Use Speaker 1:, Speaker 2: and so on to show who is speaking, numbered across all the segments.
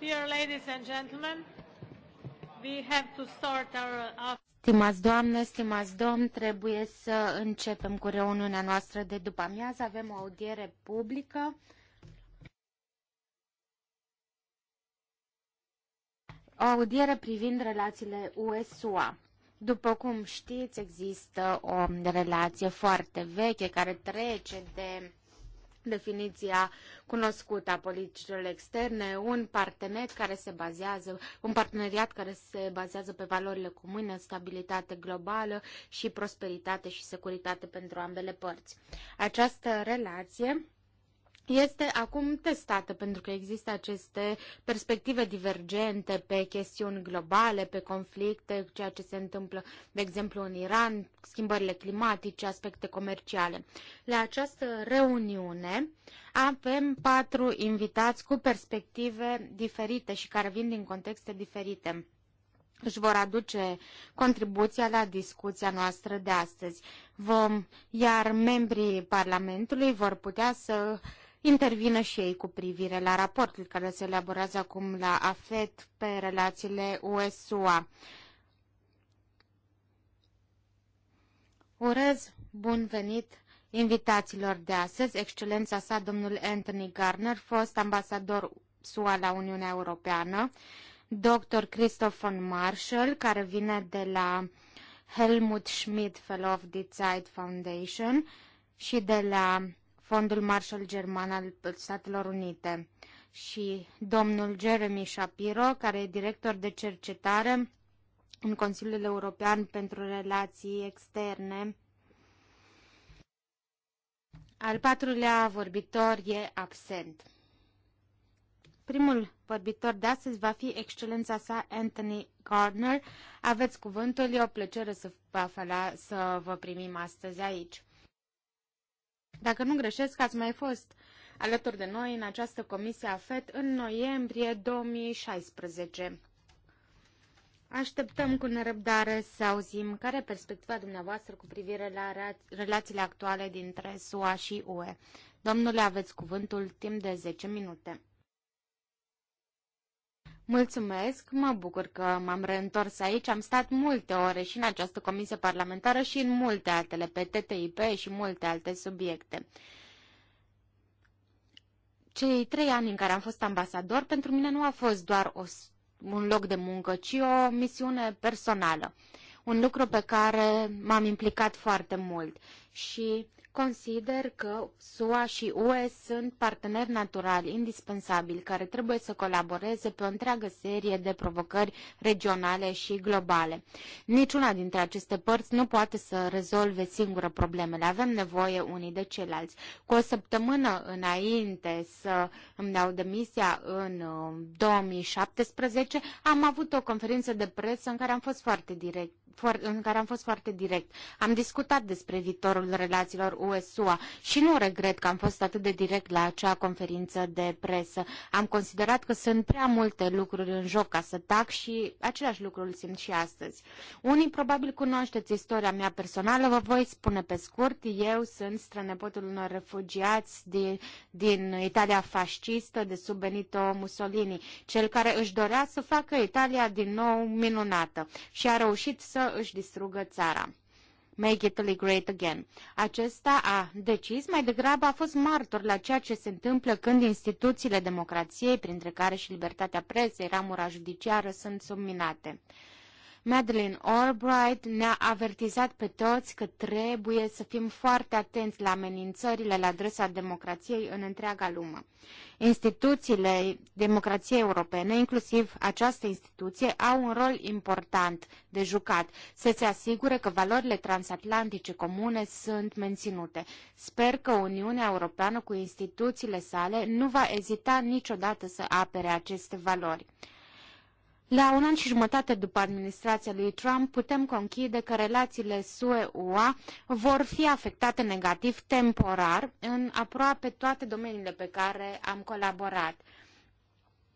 Speaker 1: Dear ladies and gentlemen, we have to start
Speaker 2: our... Stimați doamne, stimați domn, trebuie să începem cu reuniunea noastră de după amiază. Avem o audiere publică. O audiere privind relațiile USUA. După cum știți, există o relație foarte veche care trece de definiția cunoscută a politicilor externe, un partener care se bazează, un parteneriat care se bazează pe valorile comune, stabilitate globală și prosperitate și securitate pentru ambele părți. Această relație este acum testată pentru că există aceste perspective divergente pe chestiuni globale, pe conflicte, ceea ce se întâmplă, de exemplu, în Iran, schimbările climatice, aspecte comerciale. La această reuniune avem patru invitați cu perspective diferite și care vin din contexte diferite își vor aduce contribuția la discuția noastră de astăzi. Vom, iar membrii Parlamentului vor putea să intervină și ei cu privire la raportul care se elaborează acum la AFET pe relațiile USUA. Urez bun venit invitațiilor de astăzi, excelența sa domnul Anthony Garner, fost ambasador SUA la Uniunea Europeană, dr. Christopher Marshall, care vine de la Helmut Schmidt Fellow of the Zeit Foundation și de la Fondul Marshall German al Statelor Unite și domnul Jeremy Shapiro, care e director de cercetare în Consiliul European pentru Relații Externe. Al patrulea vorbitor e absent. Primul vorbitor de astăzi va fi excelența sa Anthony Gardner. Aveți cuvântul, e o plăcere să vă, afala, să vă primim astăzi aici. Dacă nu greșesc, ați mai fost alături de noi în această comisie a FET în noiembrie 2016. Așteptăm cu nerăbdare să auzim care e perspectiva dumneavoastră cu privire la relațiile actuale dintre SUA și UE. Domnule, aveți cuvântul timp de 10 minute. Mulțumesc, mă bucur că m-am reîntors aici. Am stat multe ore și în această comisie parlamentară și în multe altele, pe TTIP și multe alte subiecte. Cei trei ani în care am fost ambasador, pentru mine nu a fost doar o, un loc de muncă, ci o misiune personală. Un lucru pe care m-am implicat foarte mult și Consider că SUA și UE sunt parteneri naturali indispensabili care trebuie să colaboreze pe o întreagă serie de provocări regionale și globale. Niciuna dintre aceste părți nu poate să rezolve singură problemele. Avem nevoie unii de ceilalți. Cu o săptămână înainte să îmi dau demisia în 2017, uh, am avut o conferință de presă în care am fost foarte direct în care am fost foarte direct. Am discutat despre viitorul relațiilor ue și nu regret că am fost atât de direct la acea conferință de presă. Am considerat că sunt prea multe lucruri în joc ca să tac și același lucru îl simt și astăzi. Unii probabil cunoașteți istoria mea personală, vă voi spune pe scurt, eu sunt strănepotul unor refugiați din, din Italia fascistă de sub Benito Mussolini, cel care își dorea să facă Italia din nou minunată și a reușit să își distrugă țara. Make Italy Great Again. Acesta a decis, mai degrabă a fost martor la ceea ce se întâmplă când instituțiile democrației, printre care și libertatea presei, ramura judiciară, sunt subminate. Madeleine Albright ne-a avertizat pe toți că trebuie să fim foarte atenți la amenințările la adresa democrației în întreaga lume. Instituțiile democrației europene, inclusiv această instituție, au un rol important de jucat, să se asigure că valorile transatlantice comune sunt menținute. Sper că Uniunea Europeană cu instituțiile sale nu va ezita niciodată să apere aceste valori. La un an și jumătate după administrația lui Trump, putem conchide că relațiile SUE-UA vor fi afectate negativ temporar în aproape toate domeniile pe care am colaborat.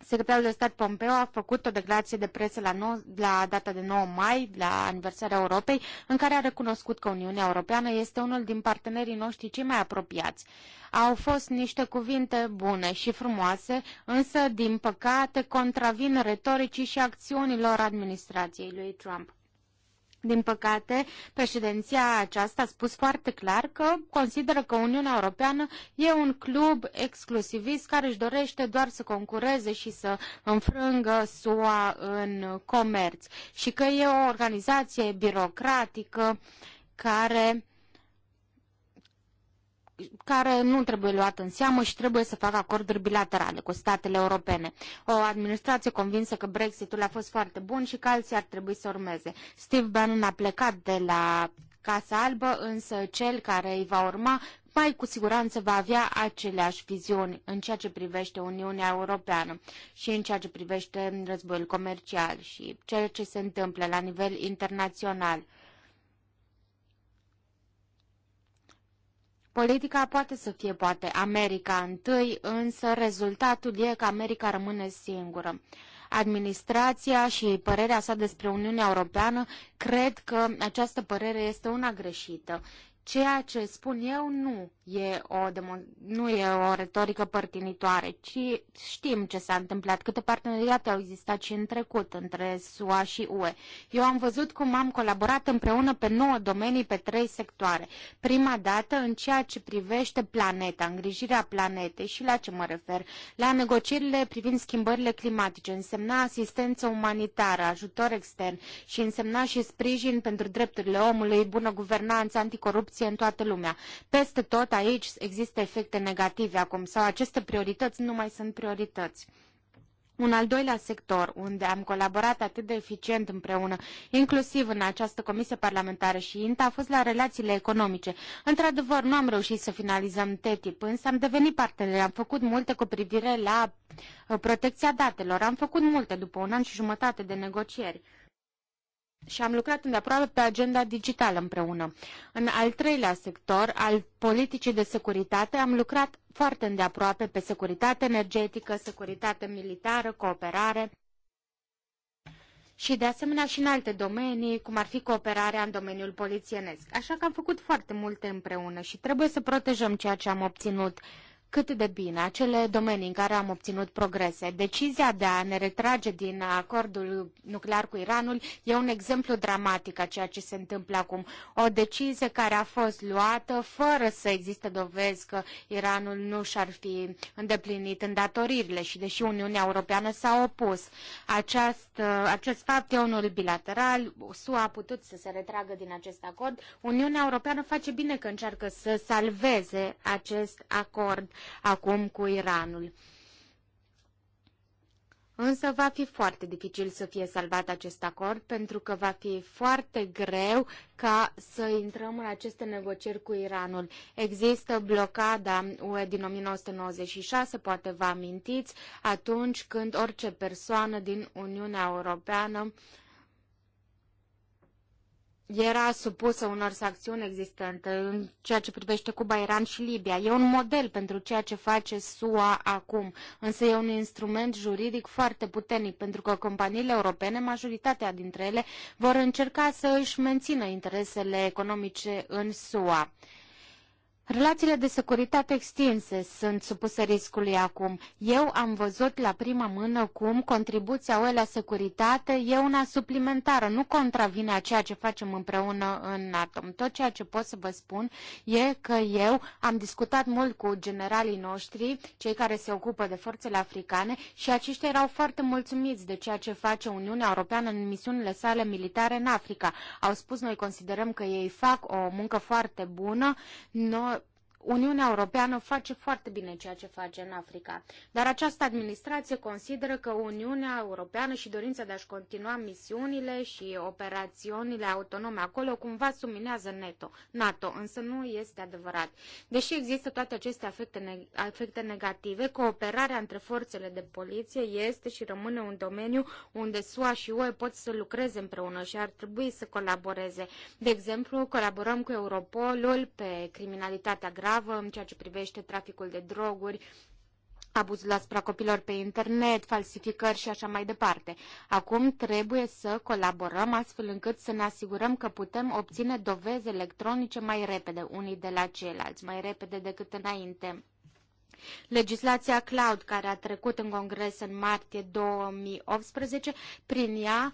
Speaker 2: Secretarul de stat Pompeo a făcut o declarație de presă la, nou, la data de 9 mai, la aniversarea Europei, în care a recunoscut că Uniunea Europeană este unul din partenerii noștri cei mai apropiați. Au fost niște cuvinte bune și frumoase, însă, din păcate, contravin retoricii și acțiunilor administrației lui Trump. Din păcate, președinția aceasta a spus foarte clar că consideră că Uniunea Europeană e un club exclusivist care își dorește doar să concureze și să înfrângă SUA în comerț și că e o organizație birocratică care care nu trebuie luat în seamă și trebuie să facă acorduri bilaterale cu statele europene. O administrație convinsă că Brexitul a fost foarte bun și că alții ar trebui să urmeze. Steve Bannon a plecat de la Casa Albă, însă cel care îi va urma mai cu siguranță va avea aceleași viziuni în ceea ce privește Uniunea Europeană și în ceea ce privește războiul comercial și ceea ce se întâmplă la nivel internațional. Politica poate să fie poate America întâi, însă rezultatul e că America rămâne singură. Administrația și părerea sa despre Uniunea Europeană, cred că această părere este una greșită. Ceea ce spun eu nu e o, nu e o retorică părtinitoare, ci știm ce s-a întâmplat, câte parteneriate au existat și în trecut între SUA și UE. Eu am văzut cum am colaborat împreună pe nouă domenii, pe trei sectoare. Prima dată în ceea ce privește planeta, îngrijirea planetei și la ce mă refer? La negocierile privind schimbările climatice, însemna asistență umanitară, ajutor extern și însemna și sprijin pentru drepturile omului, bună guvernanță, anticorupție, corupție în toată lumea. Peste tot aici există efecte negative acum sau aceste priorități nu mai sunt priorități. Un al doilea sector unde am colaborat atât de eficient împreună, inclusiv în această comisie parlamentară și INTA, a fost la relațiile economice. Într-adevăr, nu am reușit să finalizăm TTIP, însă am devenit partener, am făcut multe cu privire la uh, protecția datelor, am făcut multe după un an și jumătate de negocieri și am lucrat îndeaproape pe agenda digitală împreună. În al treilea sector, al politicii de securitate, am lucrat foarte îndeaproape pe securitate energetică, securitate militară, cooperare și de asemenea și în alte domenii, cum ar fi cooperarea în domeniul polițienesc. Așa că am făcut foarte multe împreună și trebuie să protejăm ceea ce am obținut cât de bine acele domenii în care am obținut progrese. Decizia de a ne retrage din acordul nuclear cu Iranul e un exemplu dramatic a ceea ce se întâmplă acum. O decizie care a fost luată fără să existe dovezi că Iranul nu și-ar fi îndeplinit îndatoririle și deși Uniunea Europeană s-a opus. Aceast, acest fapt e unul bilateral. SUA a putut să se retragă din acest acord. Uniunea Europeană face bine că încearcă să salveze acest acord acum cu Iranul. Însă va fi foarte dificil să fie salvat acest acord, pentru că va fi foarte greu ca să intrăm în aceste negocieri cu Iranul. Există blocada UE din 1996, poate vă amintiți, atunci când orice persoană din Uniunea Europeană era supusă unor sancțiuni existente în ceea ce privește Cuba, Iran și Libia. E un model pentru ceea ce face SUA acum, însă e un instrument juridic foarte puternic, pentru că companiile europene, majoritatea dintre ele, vor încerca să își mențină interesele economice în SUA. Relațiile de securitate extinse sunt supuse riscului acum. Eu am văzut la prima mână cum contribuția UE la securitate e una suplimentară, nu contravine a ceea ce facem împreună în atom. Tot ceea ce pot să vă spun e că eu am discutat mult cu generalii noștri, cei care se ocupă de forțele africane, și aceștia erau foarte mulțumiți de ceea ce face Uniunea Europeană în misiunile sale militare în Africa. Au spus, noi considerăm că ei fac o muncă foarte bună, noi Uniunea Europeană face foarte bine ceea ce face în Africa, dar această administrație consideră că Uniunea Europeană și dorința de a-și continua misiunile și operațiunile autonome acolo cumva suminează NATO, NATO, însă nu este adevărat. Deși există toate aceste efecte, ne- afecte negative, cooperarea între forțele de poliție este și rămâne un domeniu unde SUA și UE pot să lucreze împreună și ar trebui să colaboreze. De exemplu, colaborăm cu Europolul pe criminalitatea gravă, gravă în ceea ce privește traficul de droguri, abuzul asupra copilor pe internet, falsificări și așa mai departe. Acum trebuie să colaborăm astfel încât să ne asigurăm că putem obține dovezi electronice mai repede unii de la ceilalți, mai repede decât înainte. Legislația cloud care a trecut în Congres în martie 2018, prin ea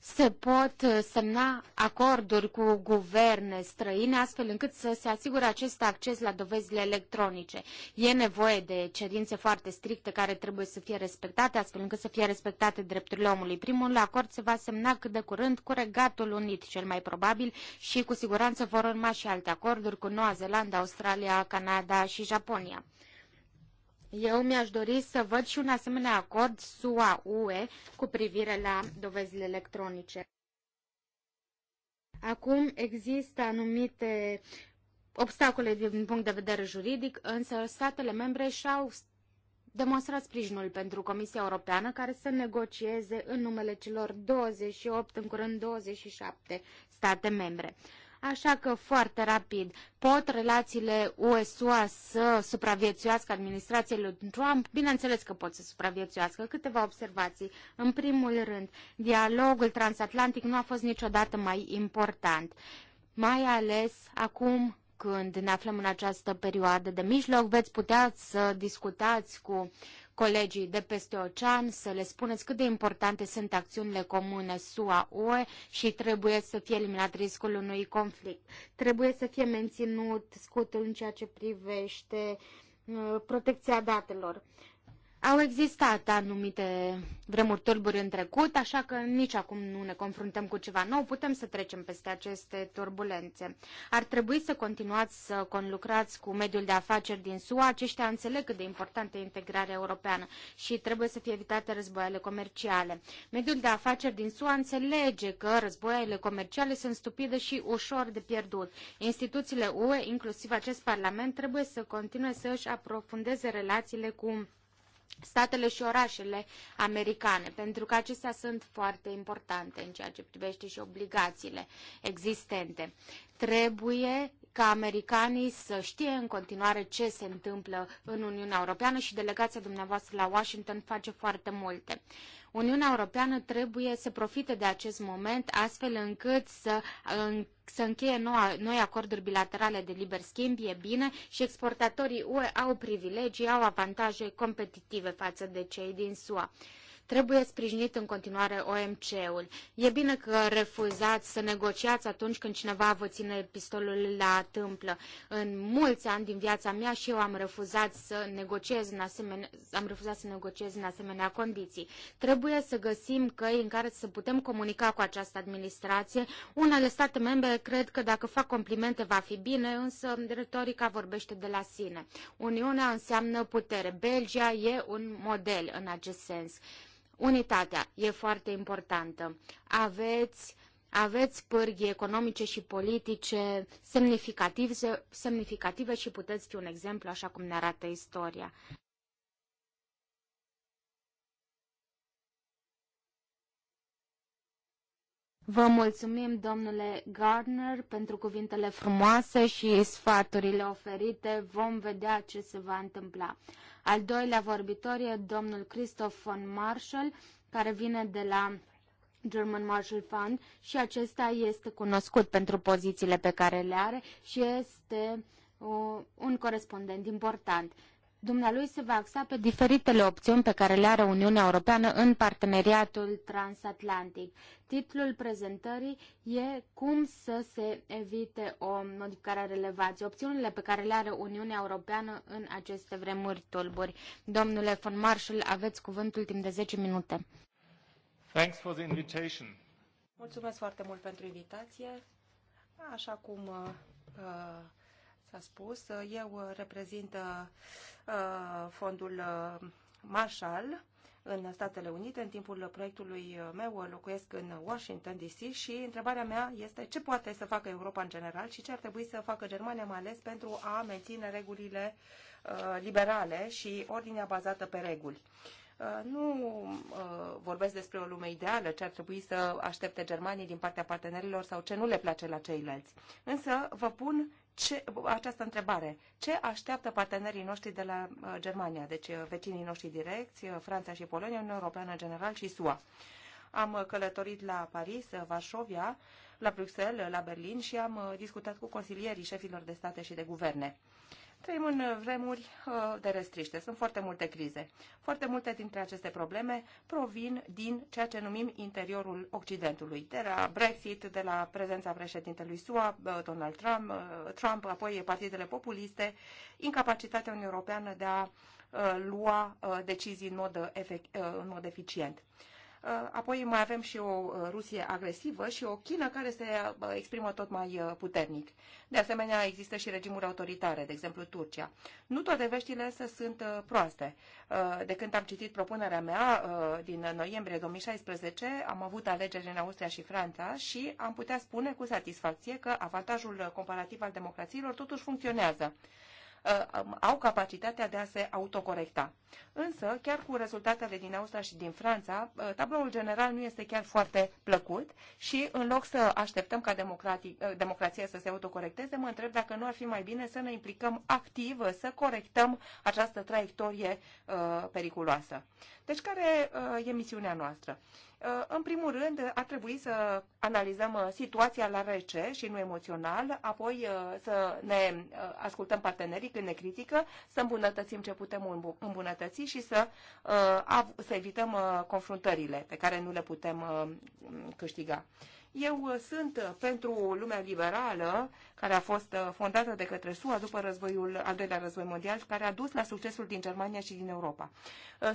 Speaker 2: se pot uh, semna acorduri cu guverne străine astfel încât să se asigure acest acces la dovezile electronice. E nevoie de cerințe foarte stricte care trebuie să fie respectate astfel încât să fie respectate drepturile omului. Primul acord se va semna cât de curând cu Regatul Unit cel mai probabil și cu siguranță vor urma și alte acorduri cu Noua Zeelandă, Australia, Canada și Japonia. Eu mi-aș dori să văd și un asemenea acord SUA-UE cu privire la dovezile electronice. Acum există anumite obstacole din punct de vedere juridic, însă statele membre și-au demonstrat sprijinul pentru Comisia Europeană care să negocieze în numele celor 28, în curând 27 state membre. Așa că foarte rapid pot relațiile USUA să supraviețuiască administrației lui Trump? Bineînțeles că pot să supraviețuiască. Câteva observații. În primul rând, dialogul transatlantic nu a fost niciodată mai important, mai ales acum când ne aflăm în această perioadă de mijloc, veți putea să discutați cu colegii de peste ocean, să le spuneți cât de importante sunt acțiunile comune SUA-UE și trebuie să fie eliminat riscul unui conflict. Trebuie să fie menținut scutul în ceea ce privește uh, protecția datelor. Au existat anumite vremuri tulburi în trecut, așa că nici acum nu ne confruntăm cu ceva nou, putem să trecem peste aceste turbulențe. Ar trebui să continuați să conlucrați cu mediul de afaceri din SUA, aceștia înțeleg cât de importantă integrarea europeană și trebuie să fie evitate războaiele comerciale. Mediul de afaceri din SUA înțelege că războaiele comerciale sunt stupide și ușor de pierdut. Instituțiile UE, inclusiv acest parlament, trebuie să continue să își aprofundeze relațiile cu statele și orașele americane, pentru că acestea sunt foarte importante în ceea ce privește și obligațiile existente. Trebuie ca americanii să știe în continuare ce se întâmplă în Uniunea Europeană și delegația dumneavoastră la Washington face foarte multe. Uniunea Europeană trebuie să profite de acest moment astfel încât să, să încheie noua, noi acorduri bilaterale de liber schimb, e bine, și exportatorii UE au privilegii, au avantaje competitive față de cei din SUA. Trebuie sprijinit în continuare OMC-ul. E bine că refuzați să negociați atunci când cineva vă ține pistolul la tâmplă. În mulți ani din viața mea și eu am refuzat să negociez în asemenea, am refuzat să negociez în asemenea condiții. Trebuie să găsim căi în care să putem comunica cu această administrație. Unele state membre cred că dacă fac complimente va fi bine, însă retorica vorbește de la sine. Uniunea înseamnă putere. Belgia e un model în acest sens. Unitatea e foarte importantă. Aveți, aveți pârghii economice și politice semnificative, semnificative și puteți fi un exemplu așa cum ne arată istoria. Vă mulțumim, domnule Gardner, pentru cuvintele frumoase și sfaturile oferite. Vom vedea ce se va întâmpla. Al doilea vorbitor e domnul Christoph von Marshall, care vine de la German Marshall Fund și acesta este cunoscut pentru pozițiile pe care le are și este uh, un corespondent important. Dumnealui se va axa pe diferitele opțiuni pe care le are Uniunea Europeană în parteneriatul transatlantic. Titlul prezentării e cum să se evite o modificare a relevației, opțiunile pe care le are Uniunea Europeană în aceste vremuri tulburi. Domnule von Marshall, aveți cuvântul timp de 10 minute. Thanks for the invitation.
Speaker 3: Mulțumesc foarte mult pentru invitație. Așa cum uh, uh s-a spus. Eu reprezint uh, fondul uh, Marshall în Statele Unite. În timpul proiectului meu locuiesc în Washington DC și întrebarea mea este ce poate să facă Europa în general și ce ar trebui să facă Germania mai ales pentru a menține regulile uh, liberale și ordinea bazată pe reguli. Nu vorbesc despre o lume ideală, ce ar trebui să aștepte germanii din partea partenerilor sau ce nu le place la ceilalți. Însă vă pun ce, această întrebare. Ce așteaptă partenerii noștri de la uh, Germania, deci uh, vecinii noștri direcți, uh, Franța și Polonia, Uniunea Europeană în general și SUA? Am uh, călătorit la Paris, uh, Varșovia, la Bruxelles, la Berlin și am uh, discutat cu consilierii șefilor de state și de guverne. Trăim în vremuri uh, de restriște. Sunt foarte multe crize. Foarte multe dintre aceste probleme provin din ceea ce numim interiorul Occidentului. De la Brexit, de la prezența președintelui SUA, uh, Donald Trump, uh, Trump apoi partidele populiste, incapacitatea Uniunii Europeană de a lua decizii în mod, efect, în mod eficient. Uh, apoi mai avem și o uh, Rusie agresivă și o China care se uh, exprimă tot mai puternic. De asemenea, există și regimuri autoritare, de exemplu Turcia. Nu toate veștile însă sunt proaste. De când am citit propunerea mea din noiembrie 2016, am avut alegeri în Austria și Franța și am putea spune cu satisfacție că avantajul comparativ al democrațiilor totuși funcționează. Uh, um, au capacitatea de a se autocorecta. Însă, chiar cu rezultatele din Austria și din Franța, uh, tabloul general nu este chiar foarte plăcut și în loc să așteptăm ca uh, democrația să se autocorecteze, mă întreb dacă nu ar fi mai bine să ne implicăm activ, să corectăm această traiectorie uh, periculoasă. Deci, care uh, e misiunea noastră? Uh, Uh, în primul rând, ar trebui să analizăm uh, situația la rece și nu emoțional, apoi uh, să ne ascultăm partenerii când ne critică, să îmbunătățim ce putem îmbunătăți și să, să evităm confruntările pe care nu le putem câștiga. Eu uh, sunt uh, pentru lumea liberală, care a fost uh, fondată de către SUA după războiul, al doilea război mondial, care a dus la succesul din Germania și din Europa.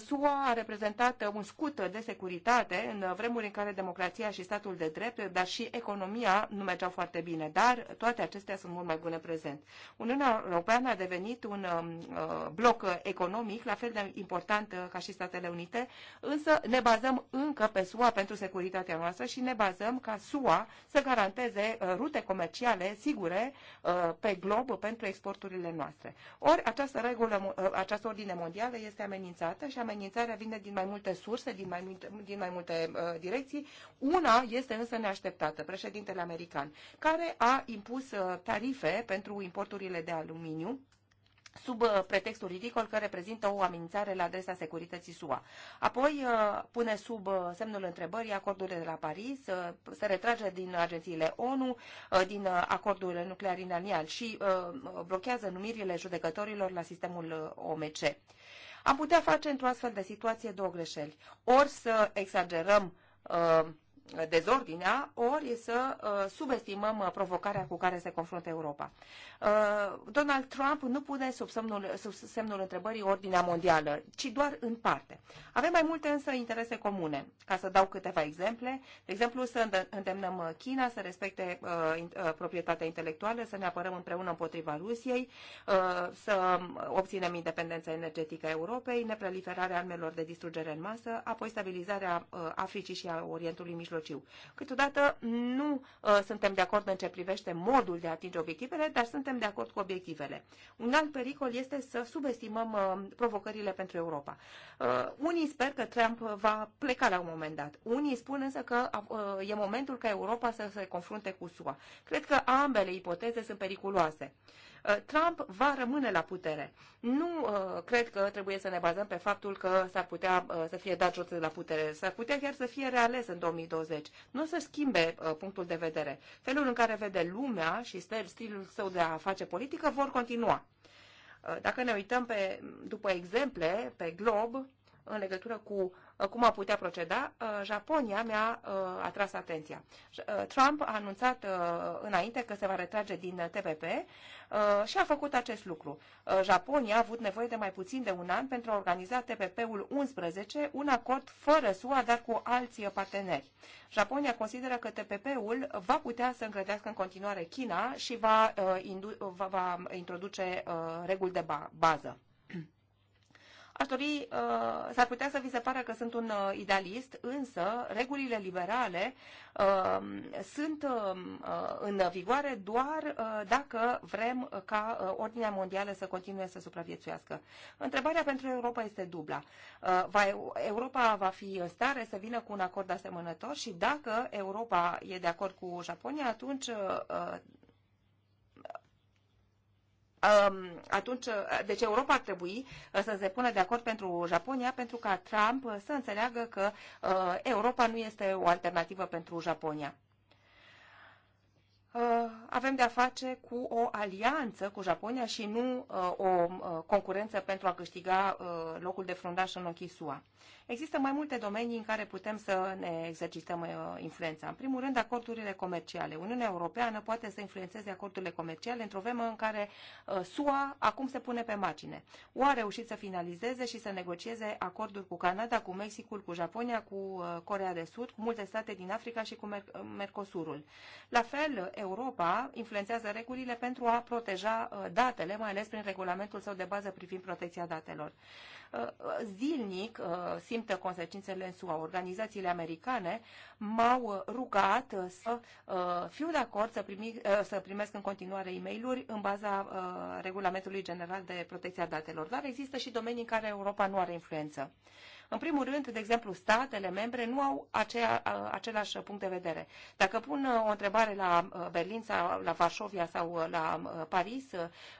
Speaker 3: SUA a reprezentat un scut de securitate în vremuri în care democrația și statul de drept, dar și economia nu mergeau foarte bine, dar toate acestea sunt mult mai bune prezent. Uniunea Europeană a devenit un um, bloc economic la fel de important ca și Statele Unite, însă ne bazăm încă pe SUA pentru securitatea noastră și ne bazăm ca SUA să garanteze uh, rute comerciale sigure uh, pe glob pentru exporturile noastre. Ori această regulă, uh, această ordine mondială este amenințată și amenințarea vine din mai multe surse, din mai multe, din mai multe direcții. Una este însă neașteptată, președintele american, care a impus tarife pentru importurile de aluminiu sub uh, pretextul ridicol că reprezintă o amenințare la adresa securității SUA. Apoi uh, pune sub uh, semnul întrebării acordurile de la Paris, se retrage din agențiile ONU, din acordurile nucleare inanial și blochează numirile judecătorilor la sistemul OMC. Am putea face într-o astfel de situație două greșeli. Ori să exagerăm uh, dezordinea, ori să uh, subestimăm uh, provocarea cu care se confruntă Europa. Uh, Donald Trump nu pune sub semnul, sub semnul întrebării ordinea mondială, ci doar în parte. Avem mai multe însă interese comune. Ca să dau câteva exemple, de exemplu să îndemnăm China să respecte proprietatea intelectuală, să ne apărăm împreună împotriva Rusiei, să obținem independența energetică a Europei, nepreliferarea armelor de distrugere în masă, apoi stabilizarea Africii și a Orientului Mijlociu mijlociu. Câteodată nu uh, suntem de acord în ce privește modul de a atinge obiectivele, dar suntem de acord cu obiectivele. Un alt pericol este să subestimăm uh, provocările pentru Europa. Uh, unii sper că Trump va pleca la un moment dat. Unii spun însă că uh, e momentul ca Europa să se confrunte cu SUA. Cred că ambele ipoteze sunt periculoase. Uh, Uh, Trump va rămâne la putere. Nu uh, cred că trebuie să ne bazăm pe faptul că s-ar putea uh, să fie dat jos la putere. S-ar putea chiar să fie reales în 2020. Nu o să schimbe punctul de vedere. Felul în care vede lumea și stilul său de a face politică vor continua. Dacă ne uităm pe, după exemple, pe glob, în legătură cu uh, cum a putea proceda, uh, Japonia mi-a uh, atras atenția. Trump a anunțat înainte că se va retrage din TPP și a făcut acest lucru. Japonia a avut nevoie de mai puțin de un an pentru a organiza TPP-ul 11, un acord fără SUA, dar cu alții parteneri. Japonia consideră că TPP-ul va putea să îngrădească în continuare China și va, va, va introduce reguli de bază. Aș dori, uh, s-ar putea să vi se pară că sunt un uh, idealist, însă regulile liberale uh, sunt în vigoare doar dacă vrem ca ordinea mondială să continue să supraviețuiască. Întrebarea pentru Europa este dubla. Europa va fi în stare să vină cu un acord asemănător și dacă Europa e de acord cu Japonia, atunci Um, atunci, deci Europa ar trebui uh, să se pună de acord pentru Japonia, pentru ca Trump uh, să înțeleagă că uh, Europa nu este o alternativă pentru Japonia. Avem de-a face cu o alianță cu Japonia și nu o concurență pentru a câștiga locul de frundaș în ochii SUA. Există mai multe domenii în care putem să ne exercităm uh, influența. În primul rând, acordurile comerciale. Uniunea Europeană poate să influențeze acordurile comerciale într-o vremă în care uh, SUA acum se pune pe margine. O a reușit să finalizeze și să negocieze acorduri cu Canada, cu Mexicul, cu Japonia, cu uh, Corea de Sud, cu multe state din Africa și cu Mercosurul. La fel, Europa influențează regulile pentru a proteja datele, mai ales prin regulamentul său de bază privind protecția datelor zilnic uh, simtă consecințele în SUA. Organizațiile americane m-au rugat să uh, fiu de acord să, primi, uh, să primesc în continuare e mail în baza regulamentului general de protecția datelor, dar există și domenii în care Europa nu are influență. În primul rând, de exemplu, statele membre nu au aceea, același punct de vedere. Dacă pun uh, o întrebare la uh, Berlin sau la Varșovia sau uh, la Paris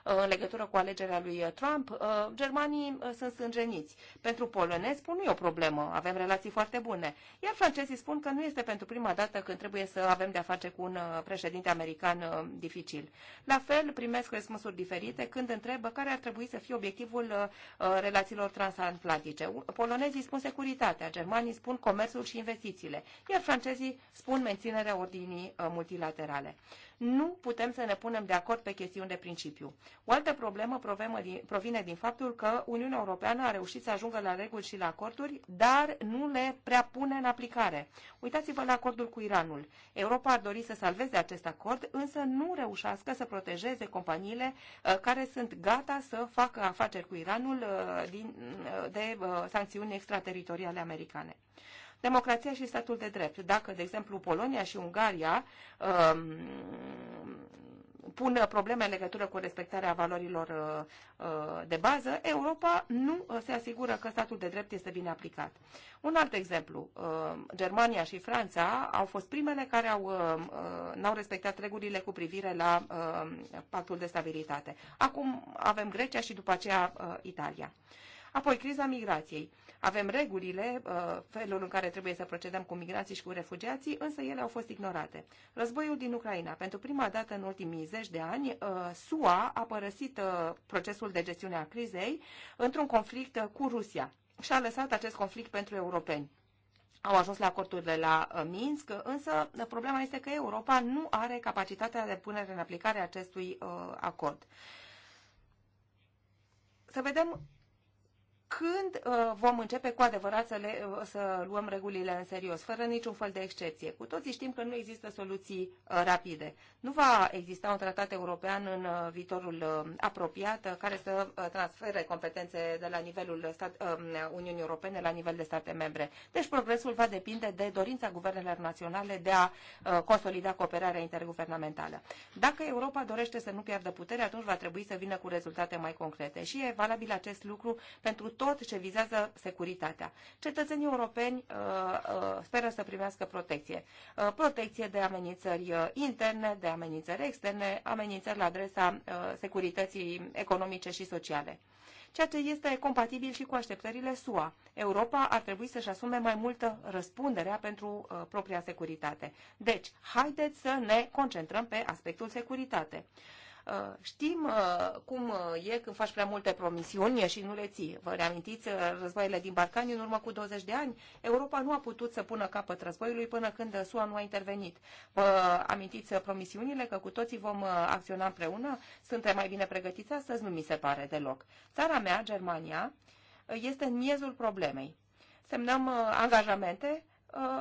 Speaker 3: în legătură cu alegerea lui Trump, germanii sunt sângeniți. Pentru polonezi spun nu e o problemă, avem relații foarte bune. Iar francezii spun că nu este pentru prima dată când trebuie să avem de-a face cu un președinte american dificil. La fel, primesc răspunsuri diferite când întrebă care ar trebui să fie obiectivul relațiilor transatlantice. Polonezii spun securitatea, germanii spun comerțul și investițiile, iar francezii spun menținerea ordinii uh, multilaterale nu putem să ne punem de acord pe chestiuni de principiu. O altă problemă provine din faptul că Uniunea Europeană a reușit să ajungă la reguli și la acorduri, dar nu le prea pune în aplicare. Uitați-vă la acordul cu Iranul. Europa ar dori să salveze acest acord, însă nu reușească să protejeze companiile uh, care sunt gata să facă afaceri cu Iranul uh, din, uh, de sancțiuni extrateritoriale americane democrația și statul de drept. Dacă, de exemplu, Polonia și Ungaria um, pun probleme în legătură cu respectarea valorilor uh, uh de bază, Europa nu uh, se asigură că statul de drept este bine aplicat. Un alt exemplu, uh, Germania și Franța au fost primele care au, um, uh, n-au respectat regulile cu privire la um, pactul de stabilitate. Acum avem Grecia și după aceea uh, Italia. Apoi, criza migrației. Avem regulile, uh, felul în care trebuie să procedăm cu migrații și cu refugiații, însă ele au fost ignorate. Războiul din Ucraina. Pentru prima dată în ultimii zeci de ani, uh, SUA a părăsit uh, procesul de gestiune a crizei într-un conflict cu Rusia și a lăsat acest conflict pentru europeni. Au ajuns la acordurile la Minsk, însă problema este că Europa nu are capacitatea de punere în aplicare acestui acord. Să vedem când uh, vom începe cu adevărat să, le, uh, să luăm regulile în serios, fără niciun fel de excepție. Cu toții știm că nu există soluții uh, rapide. Nu va exista un tratat european în viitorul apropiat care să transfere competențe de la nivelul stat, Uniunii Europene la nivel de state membre. Deci progresul va depinde de dorința guvernelor naționale de a consolida cooperarea interguvernamentală. Dacă Europa dorește să nu piardă putere, atunci va trebui să vină cu rezultate mai concrete. Și e valabil acest lucru pentru toți tot ce vizează securitatea. Cetățenii europeni uh, uh, speră să primească protecție. Uh, protecție de amenințări interne, de amenințări externe, amenințări la adresa securității economice și sociale ceea ce este compatibil și cu așteptările SUA. Europa ar trebui să-și asume mai multă răspunderea pentru uh, propria securitate. Deci, haideți să ne concentrăm pe aspectul securitate. Uh, Uh, știm uh, cum uh, e când faci prea multe promisiuni și nu le ții. Vă reamintiți războaiele din Balcani în urmă cu 20 de ani? Europa nu a putut să pună capăt războiului până când SUA nu a intervenit. Vă amintiți promisiunile că cu toții vom acționa împreună? Suntem mai bine pregătiți astăzi? Nu mi se pare deloc. Țara mea, Germania, este în miezul problemei. Semnăm angajamente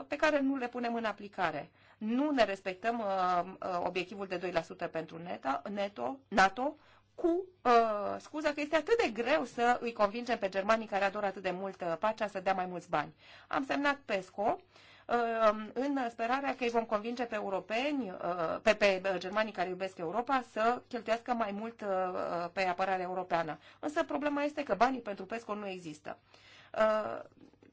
Speaker 3: pe care nu le punem în aplicare nu ne respectăm uh, uh obiectivul de 2% pentru neta, neto, NATO cu uh, scuza că este atât de greu să îi convingem pe germanii care adoră atât de mult uh, pacea să dea mai mulți bani. Am semnat PESCO uh, în sperarea că îi vom convinge pe europeni, pe, pe germanii care iubesc Europa, să cheltuiască mai mult pe apărarea europeană. Însă problema este că banii pentru PESCO nu există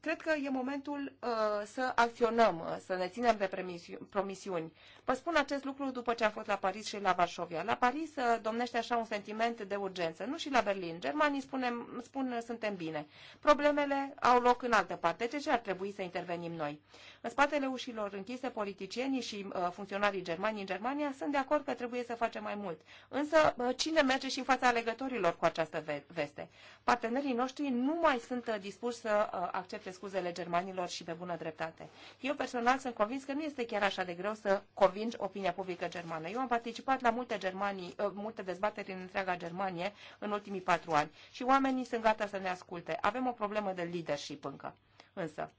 Speaker 3: cred că e momentul uh, să acționăm, uh, să ne ținem de promisiuni. Vă spun acest lucru după ce am fost la Paris și la Varșovia. La Paris uh, domnește așa un sentiment de urgență, nu și la Berlin. Germanii spunem, spun uh, suntem bine. Problemele au loc în altă parte. De deci ce ar trebui să intervenim noi? În spatele ușilor închise, politicienii și uh, funcționarii germani în Germania sunt de acord că trebuie să facem mai mult. Însă, uh, cine merge și în fața alegătorilor cu această veste? Partenerii noștri nu mai sunt uh, dispuși să uh, accepte toate scuzele germanilor și pe bună dreptate. Eu personal sunt convins că nu este chiar așa de greu să convingi opinia publică germană. Eu am participat la multe, germanii, ă, multe dezbateri în întreaga Germanie în ultimii patru ani și oamenii sunt gata să ne asculte. Avem o problemă de leadership încă. Însă,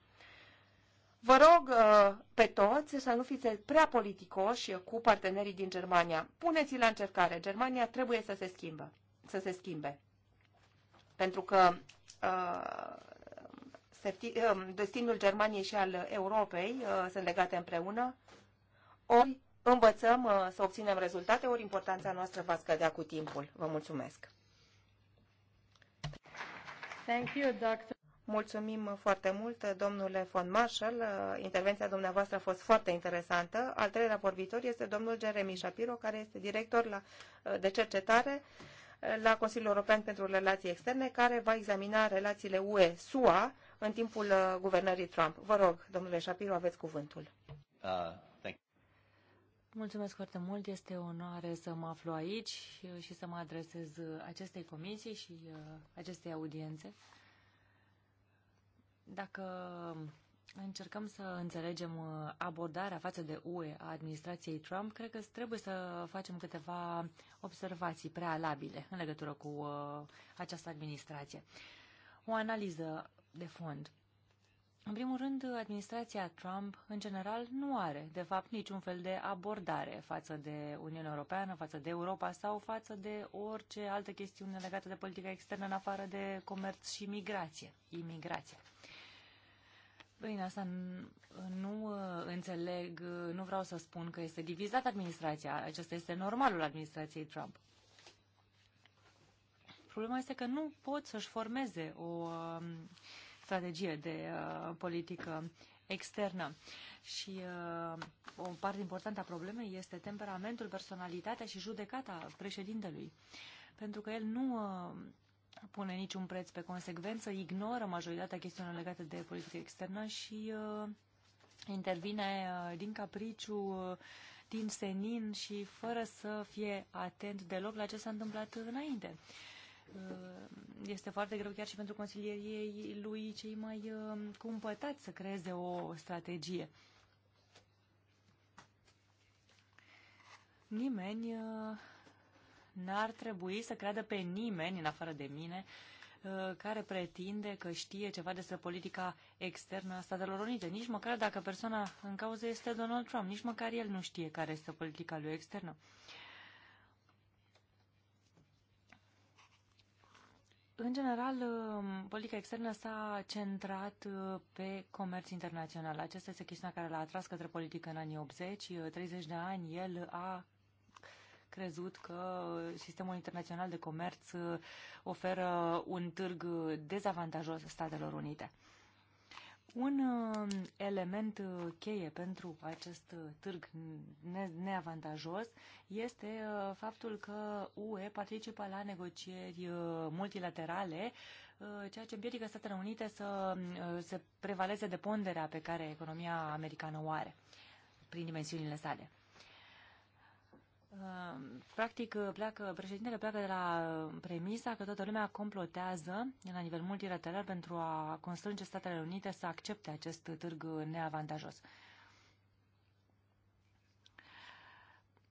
Speaker 3: Vă rog ă, pe toți să nu fiți prea politicoși cu partenerii din Germania. Puneți-i la încercare. Germania trebuie să se schimbe. Să se schimbe. Pentru că uh, Uh, destinul Germaniei și al Europei uh, sunt legate împreună, ori învățăm uh, să obținem rezultate, ori importanța noastră va scădea cu timpul. Vă mulțumesc! Thank you, doctor. Mulțumim foarte mult, domnule von Marshall. Intervenția dumneavoastră a fost foarte interesantă. Al treilea vorbitor este domnul Jeremy Shapiro, care este director la, de cercetare la Consiliul European pentru Relații Externe, care va examina relațiile UE-SUA în timpul uh, guvernării Trump. Vă rog, domnule Shapiro, aveți cuvântul.
Speaker 1: Uh, Mulțumesc foarte mult. Este o onoare să mă aflu aici și să mă adresez uh, acestei comisii și uh, acestei audiențe. Dacă încercăm să înțelegem abordarea față de UE a administrației Trump, cred că trebuie să facem câteva observații prealabile în legătură cu această administrație. O analiză de fond. În primul rând, administrația Trump, în general, nu are, de fapt, niciun fel de abordare față de Uniunea Europeană, față de Europa sau față de orice altă chestiune legată de politica externă în afară de comerț și migrație, imigrație. Bine, păi, asta nu uh, înțeleg, uh, nu vreau să spun că este divizată administrația. Acesta este normalul administrației Trump. Problema este că nu pot să-și formeze o um, strategie de uh, politică externă. Și uh, o parte importantă a problemei este temperamentul, personalitatea și judecata președintelui. Pentru că el nu uh, pune niciun preț pe consecvență, ignoră majoritatea chestiunilor legate de politică externă și uh, intervine uh, din capriciu, uh, din senin și fără să fie atent deloc la ce s-a întâmplat înainte. Uh, este foarte greu chiar și pentru consilierii lui cei mai um, cumpătați să creeze o strategie. Nimeni uh, n-ar trebui să creadă pe nimeni, în afară de mine, uh, care pretinde că știe ceva despre politica externă a Statelor Unite. Nici măcar dacă persoana în cauză este Donald Trump, nici măcar el nu știe care este politica lui externă. În general, um, politica externă s-a centrat uh, pe comerț internațional. Aceasta este chestiunea care l-a atras către politică în anii 80. 30 uh, de ani el a crezut că sistemul internațional de comerț uh, oferă un târg dezavantajos Statelor Unite. Un uh, element uh, cheie pentru acest uh, târg neavantajos este faptul că UE participă la negocieri multilaterale, ceea ce împiedică Statele Unite să se prevaleze de ponderea pe care economia americană o are prin dimensiunile sale. Ehm, practic, pleacă, președintele pleacă de la premisa că toată lumea complotează la nivel multilateral pentru a constrânge Statele Unite să accepte acest târg neavantajos.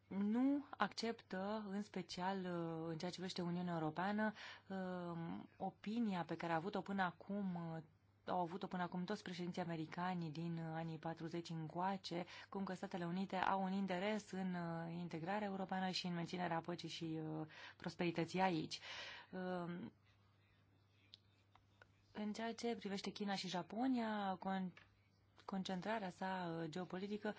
Speaker 1: Nu acceptă, în special în ceea ce privește Uniunea Europeană, ehm, opinia pe care a avut-o până acum au avut-o până acum toți președinții americani din uh, anii 40 încoace, cum că Statele Unite au un interes în uh, integrarea europeană și în menținerea păcii și uh, prosperității aici. În ceea ce privește China și Japonia, concentrarea sa geopolitică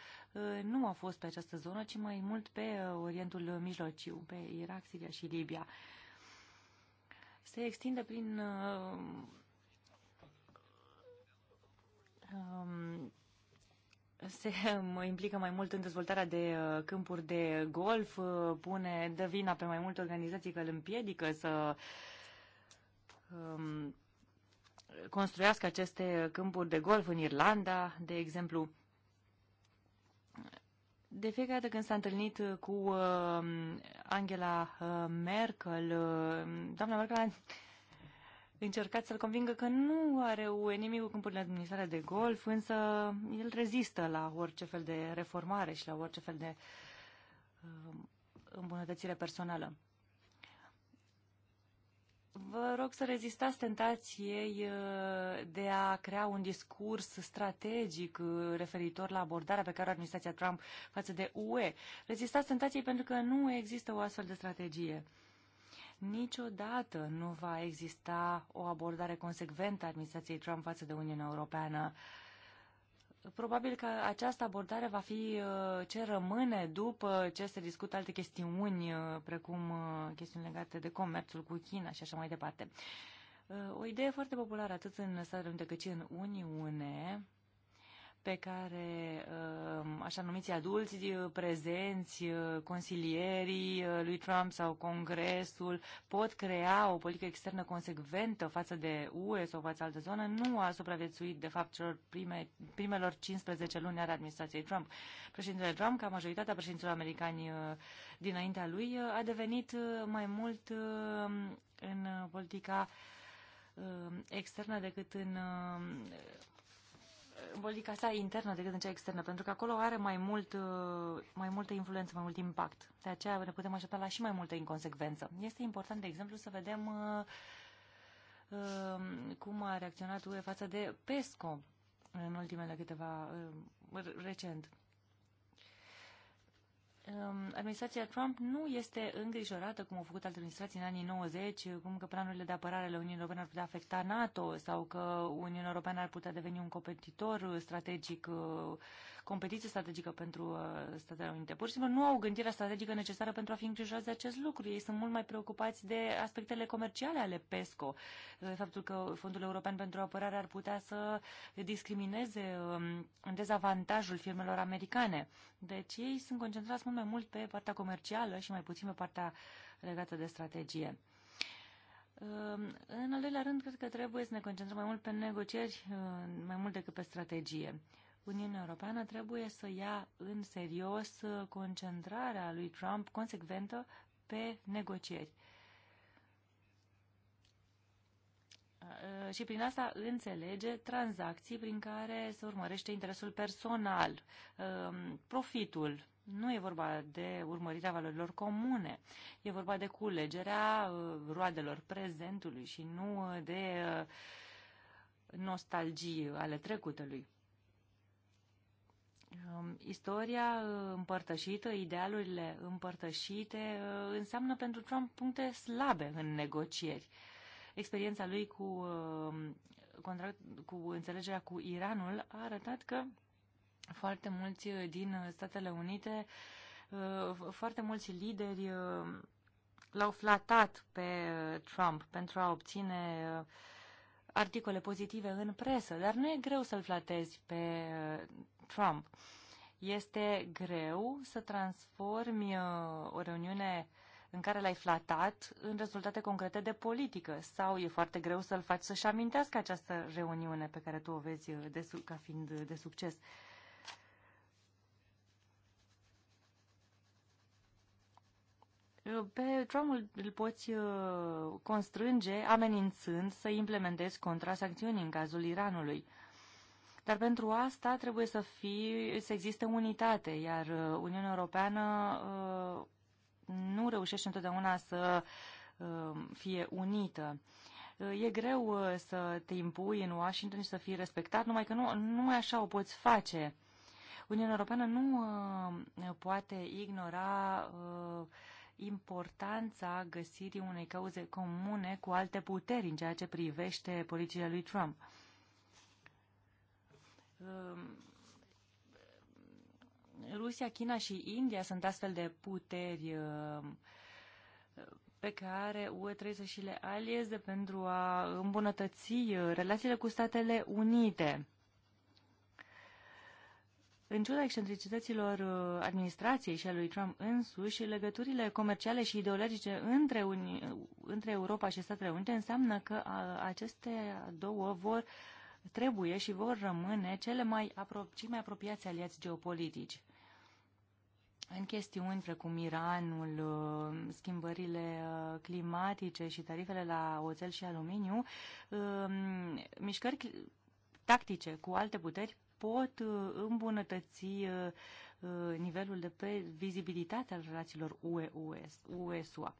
Speaker 1: nu a fost pe această zonă, ci mai mult pe Orientul Mijlociu, pe Irak, Siria și Libia. Se extinde prin Um, se implică mai mult în dezvoltarea de uh, câmpuri de golf, uh, pune, dă vina pe mai multe organizații că îl împiedică să um, construiască aceste câmpuri de golf în Irlanda, de exemplu. De fiecare dată când s-a întâlnit cu um, uh, Angela Merkel, uh, doamna Merkel a încercat să-l convingă că nu are nimic cu câmpurile administrare de golf, însă el rezistă la orice fel de reformare și la orice fel de uh, îmbunătățire personală. Vă rog să rezistați tentației uh, de a crea un discurs strategic uh, referitor la abordarea pe care o administrația Trump față de UE. Rezistați tentației pentru că nu există o astfel de strategie niciodată nu va exista o abordare consecventă a administrației Trump față de Uniunea Europeană. Probabil că această abordare va fi uh, ce rămâne după ce se discută alte chestiuni, uh, precum uh, chestiuni legate de comerțul cu China și așa mai departe. O idee foarte populară atât în Statele Unite cât și în Uniune pe care uh, așa numiți adulți uh, prezenți, uh, consilierii lui Trump sau Congresul pot crea o politică externă consecventă față de UE sau față altă zonă, nu a supraviețuit de fapt celor prime, primelor 15 luni ale administrației Trump. Președintele Trump, ca majoritatea președinților americani dinaintea lui, a devenit mai mult în politica externă decât în politica sa internă decât în cea externă, pentru că acolo are mai, mult, uh, mai multă influență, mai mult impact. De aceea ne putem aștepta la și mai multă inconsecvență. Este important, de exemplu, să vedem uh, uh, cum a reacționat UE față de PESCO în ultimele câteva, uh, recent. Um, administrația Trump nu este îngrijorată, cum au făcut alte administrații în anii 90, cum că planurile de apărare ale Uniunii Europene ar putea afecta NATO sau că Uniunea Europeană ar putea deveni un competitor strategic uh, competiție strategică pentru uh, Statele Unite. Pur și simplu nu au gândirea strategică necesară pentru a fi îngrijorați de acest lucru. Ei sunt mult mai preocupați de aspectele comerciale ale PESCO. Faptul că Fondul European pentru Apărare ar putea să discrimineze um, în dezavantajul firmelor americane. Deci ei sunt concentrați mult mai mult pe partea comercială și mai puțin pe partea legată de strategie. Um, în al doilea rând, cred că trebuie să ne concentrăm mai mult pe negocieri, uh, mai mult decât pe strategie. Uniunea Europeană trebuie să ia în serios uh, concentrarea lui Trump consecventă pe negocieri. Uh, și prin asta înțelege tranzacții prin care se urmărește interesul personal, um, profitul. Nu e vorba de urmărirea valorilor comune, e vorba de culegerea uh, roadelor prezentului și nu de nostalgii ale trecutului. Um, istoria uh, împărtășită, idealurile împărtășite uh, înseamnă pentru Trump puncte slabe în negocieri. Experiența lui cu, um, contract, cu înțelegerea cu Iranul a arătat că foarte mulți uh, din Statele Unite, foarte mulți lideri l-au flatat pe Trump pentru a obține articole pozitive în presă, dar nu e greu să-l flatezi pe Trump. Este greu să transformi uh, o reuniune în care l-ai flatat în rezultate concrete de politică sau e foarte greu să-l faci să-și amintească această reuniune pe care tu o vezi uh, de, ca fiind uh, de succes. Pe Trump îl poți constrânge amenințând să implementezi contra în cazul Iranului. Dar pentru asta trebuie să, fie, să existe unitate, iar uh, Uniunea Europeană uh, nu reușește întotdeauna să uh, fie unită. E greu să te impui în Washington și să fii respectat, numai că nu, numai așa o poți face. Uniunea Europeană nu poate ignora importanța găsirii unei cauze comune cu alte puteri în ceea ce privește politicile lui Trump. Um, Rusia, China și India sunt astfel de puteri uh, pe care UE trebuie să și le alieze pentru a îmbunătăți uh, relațiile cu Statele Unite. În ciuda excentricităților uh, administrației și a lui Trump însuși, legăturile comerciale și ideologice între, Uni- între Europa și Statele Unite înseamnă că aceste două vor uh, trebuie și vor rămâne cele mai apro- cei mai apropiați aliați geopolitici. În chestiuni precum Iranul, uh, schimbările uh, climatice și tarifele la oțel și aluminiu, um, mișcări tactice cu alte puteri pot uh, îmbunătăți nivelul de vizibilitate al relațiilor UE-USA.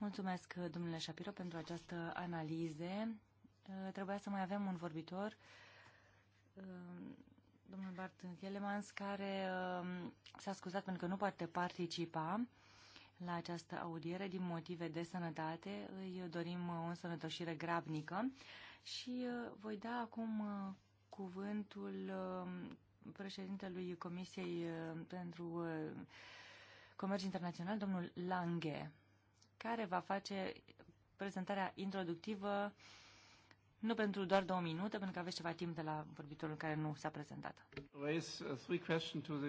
Speaker 1: Mulțumesc, domnule Shapiro, pentru această analize. Uh, trebuia să mai avem un vorbitor, uh, domnul Bart Chelemans, care uh, s-a scuzat pentru că nu poate participa la această audiere din motive de sănătate. Îi dorim o sănătoșire grabnică și voi da acum cuvântul președintelui Comisiei pentru Comerț Internațional, domnul Lange care va face prezentarea introductivă nu pentru doar două minute, pentru că aveți ceva timp de la vorbitorul care nu s-a prezentat.
Speaker 3: Uh,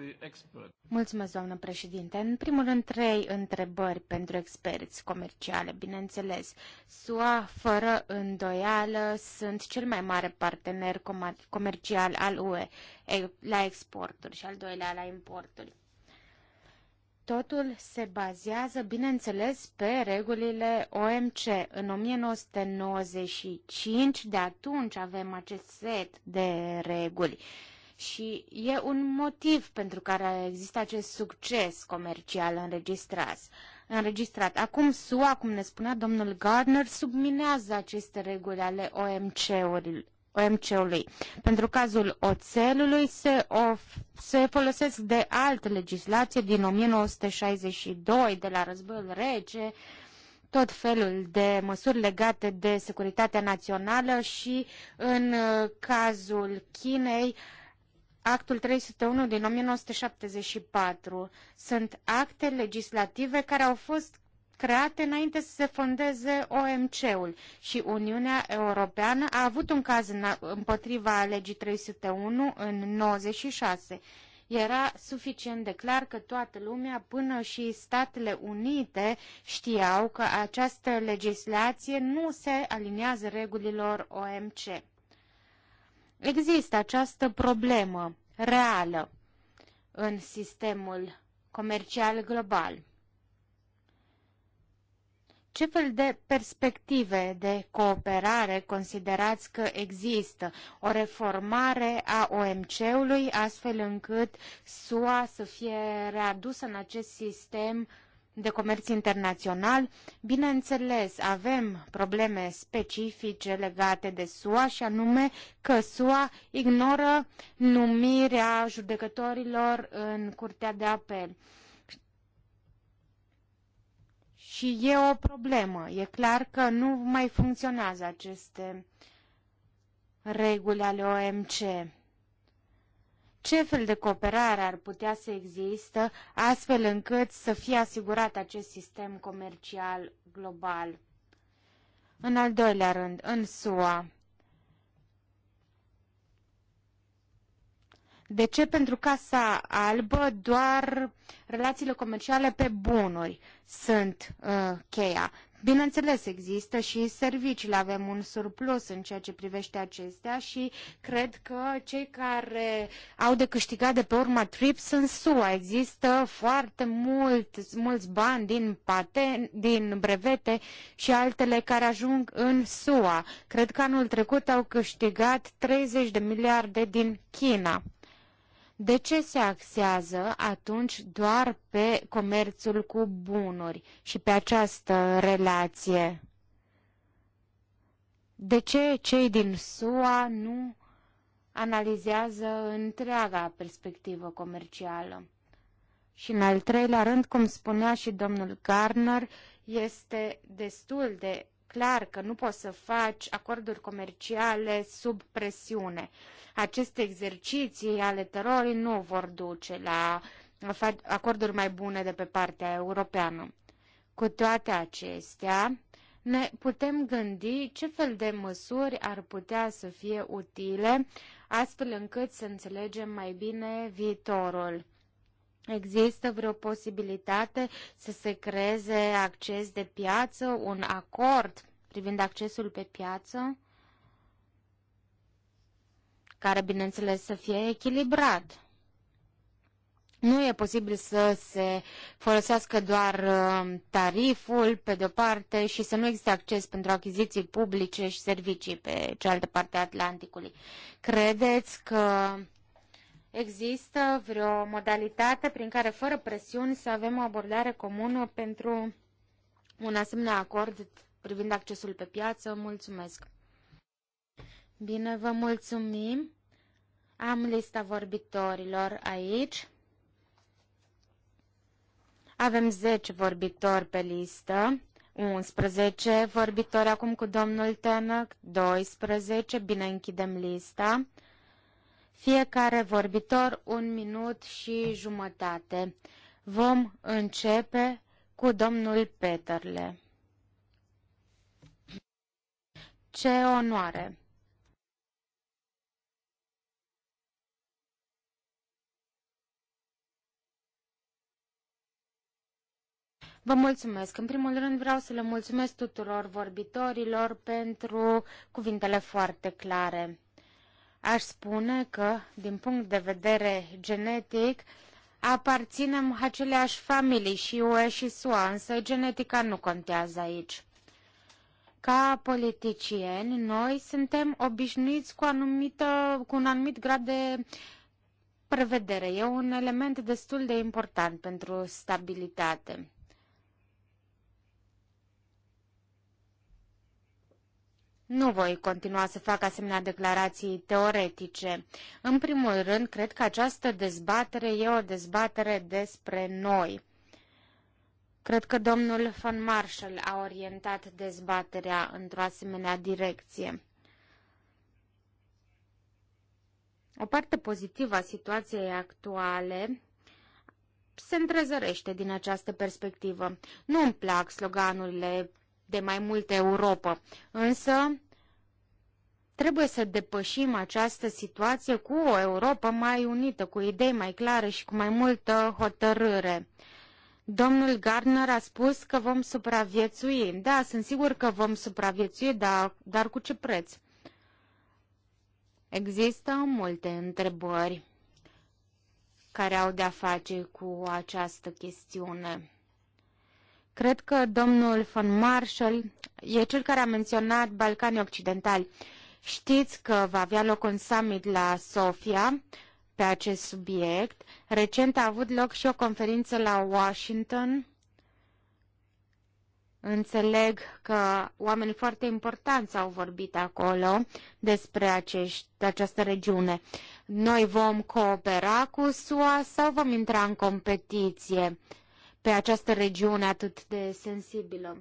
Speaker 2: Mulțumesc, doamnă președinte. În primul rând, trei întrebări pentru experți comerciale, bineînțeles. SUA, fără îndoială, sunt cel mai mare partener comercial al UE la exporturi și al doilea la importuri. Totul se bazează, bineînțeles, pe regulile OMC. În 1995, de atunci avem acest set de reguli. Și e un motiv pentru care există acest succes comercial înregistrat. înregistrat. Acum SUA, cum ne spunea domnul Gardner, subminează aceste reguli ale OMC-urilor OMC-ului. Pentru cazul oțelului se, of, se folosesc de altă legislație din 1962, de la războiul rece, tot felul de măsuri legate de securitatea națională și în uh, cazul Chinei Actul 301 din 1974 sunt acte legislative care au fost create înainte să se fondeze OMC-ul și Uniunea Europeană a avut un caz împotriva legii 301 în 96. Era suficient de clar că toată lumea, până și Statele Unite, știau că această legislație nu se aliniază regulilor OMC. Există această problemă reală în sistemul comercial global. Ce fel de perspective de cooperare considerați că există? O reformare a OMC-ului astfel încât SUA să fie readusă în acest sistem de comerț internațional? Bineînțeles, avem probleme specifice legate de SUA și anume că SUA ignoră numirea judecătorilor în Curtea de Apel. Și e o problemă. E clar că nu mai funcționează aceste reguli ale OMC. Ce fel de cooperare ar putea să există astfel încât să fie asigurat acest sistem comercial global? În al doilea rând, în SUA. De ce? Pentru Casa Albă doar relațiile comerciale pe bunuri sunt uh, cheia. Bineînțeles, există și serviciile, avem un surplus în ceea ce privește acestea și cred că cei care au de câștigat de pe urma TRIPS în SUA există foarte mult, mulți bani din, paten, din brevete și altele care ajung în SUA. Cred că anul trecut au câștigat 30 de miliarde din China. De ce se axează atunci doar pe comerțul cu bunuri și pe această relație? De ce cei din SUA nu analizează întreaga perspectivă comercială? Și în al treilea rând, cum spunea și domnul Garner, este destul de clar că nu poți să faci acorduri comerciale sub presiune. Aceste exerciții ale terorii nu vor duce la acorduri mai bune de pe partea europeană. Cu toate acestea, ne putem gândi ce fel de măsuri ar putea să fie utile, astfel încât să înțelegem mai bine viitorul. Există vreo posibilitate să se creeze acces de piață, un acord privind accesul pe piață, care, bineînțeles, să fie echilibrat. Nu e posibil să se folosească doar uh, tariful pe de-o parte și să nu existe acces pentru achiziții publice și servicii pe cealaltă parte a Atlanticului. Credeți că Există vreo modalitate prin care, fără presiuni, să avem o abordare comună pentru un asemenea acord privind accesul pe piață? Mulțumesc! Bine, vă mulțumim! Am lista vorbitorilor aici. Avem 10 vorbitori pe listă, 11 vorbitori acum cu domnul Tănăc, 12, bine închidem lista. Fiecare vorbitor un minut și jumătate. Vom începe cu domnul Peterle. Ce onoare! Vă mulțumesc. În primul rând vreau să le mulțumesc tuturor vorbitorilor pentru cuvintele foarte clare. Aș spune că, din punct de vedere genetic, aparținem aceleași familii și UE și SUA, însă genetica nu contează aici. Ca politicieni, noi suntem obișnuiți cu, anumită, cu un anumit grad de prevedere. E un element destul de important pentru stabilitate. Nu voi continua să fac asemenea declarații teoretice. În primul rând, cred că această dezbatere e o dezbatere despre noi. Cred că domnul von Marshall a orientat dezbaterea într-o asemenea direcție. O parte pozitivă a situației actuale se întrezărește din această perspectivă. Nu îmi plac sloganurile de mai multă Europa. Însă trebuie să depășim această situație cu o Europa mai unită, cu idei mai clare și cu mai multă hotărâre. Domnul Gardner a spus că vom supraviețui. Da, sunt sigur că vom supraviețui, dar, dar cu ce preț? Există multe întrebări care au de-a face cu această chestiune. Cred că domnul von Marshall e cel care a menționat Balcanii Occidentali. Știți că va avea loc un summit la Sofia pe acest subiect. Recent a avut loc și o conferință la Washington. Înțeleg că oamenii foarte importanți au vorbit acolo despre acești, această regiune. Noi vom coopera cu SUA sau vom intra în competiție? pe această regiune atât de sensibilă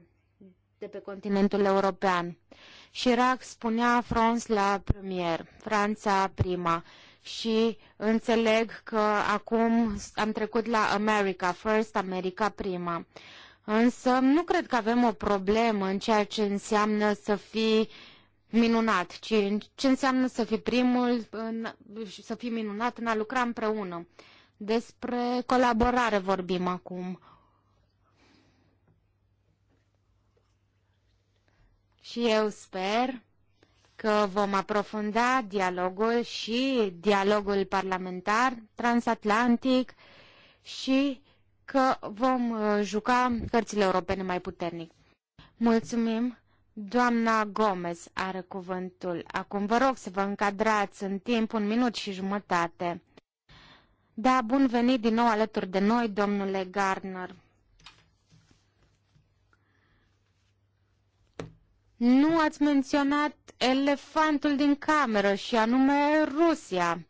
Speaker 2: de pe continentul european. Chirac spunea Frans la premier, Franța prima, și înțeleg că acum am trecut la America First, America prima. Însă nu cred că avem o problemă în ceea ce înseamnă să fii minunat, ci ce înseamnă să fii primul, în, să fii minunat în a lucra împreună. Despre colaborare vorbim acum. Și eu sper că vom aprofunda dialogul și dialogul parlamentar transatlantic și că vom uh, juca cărțile europene mai puternic. Mulțumim! Doamna Gomez are cuvântul. Acum vă rog să vă încadrați în timp un minut și jumătate. Da, bun venit din nou alături de noi, domnule Garner. Nu ați menționat elefantul din cameră și anume Rusia,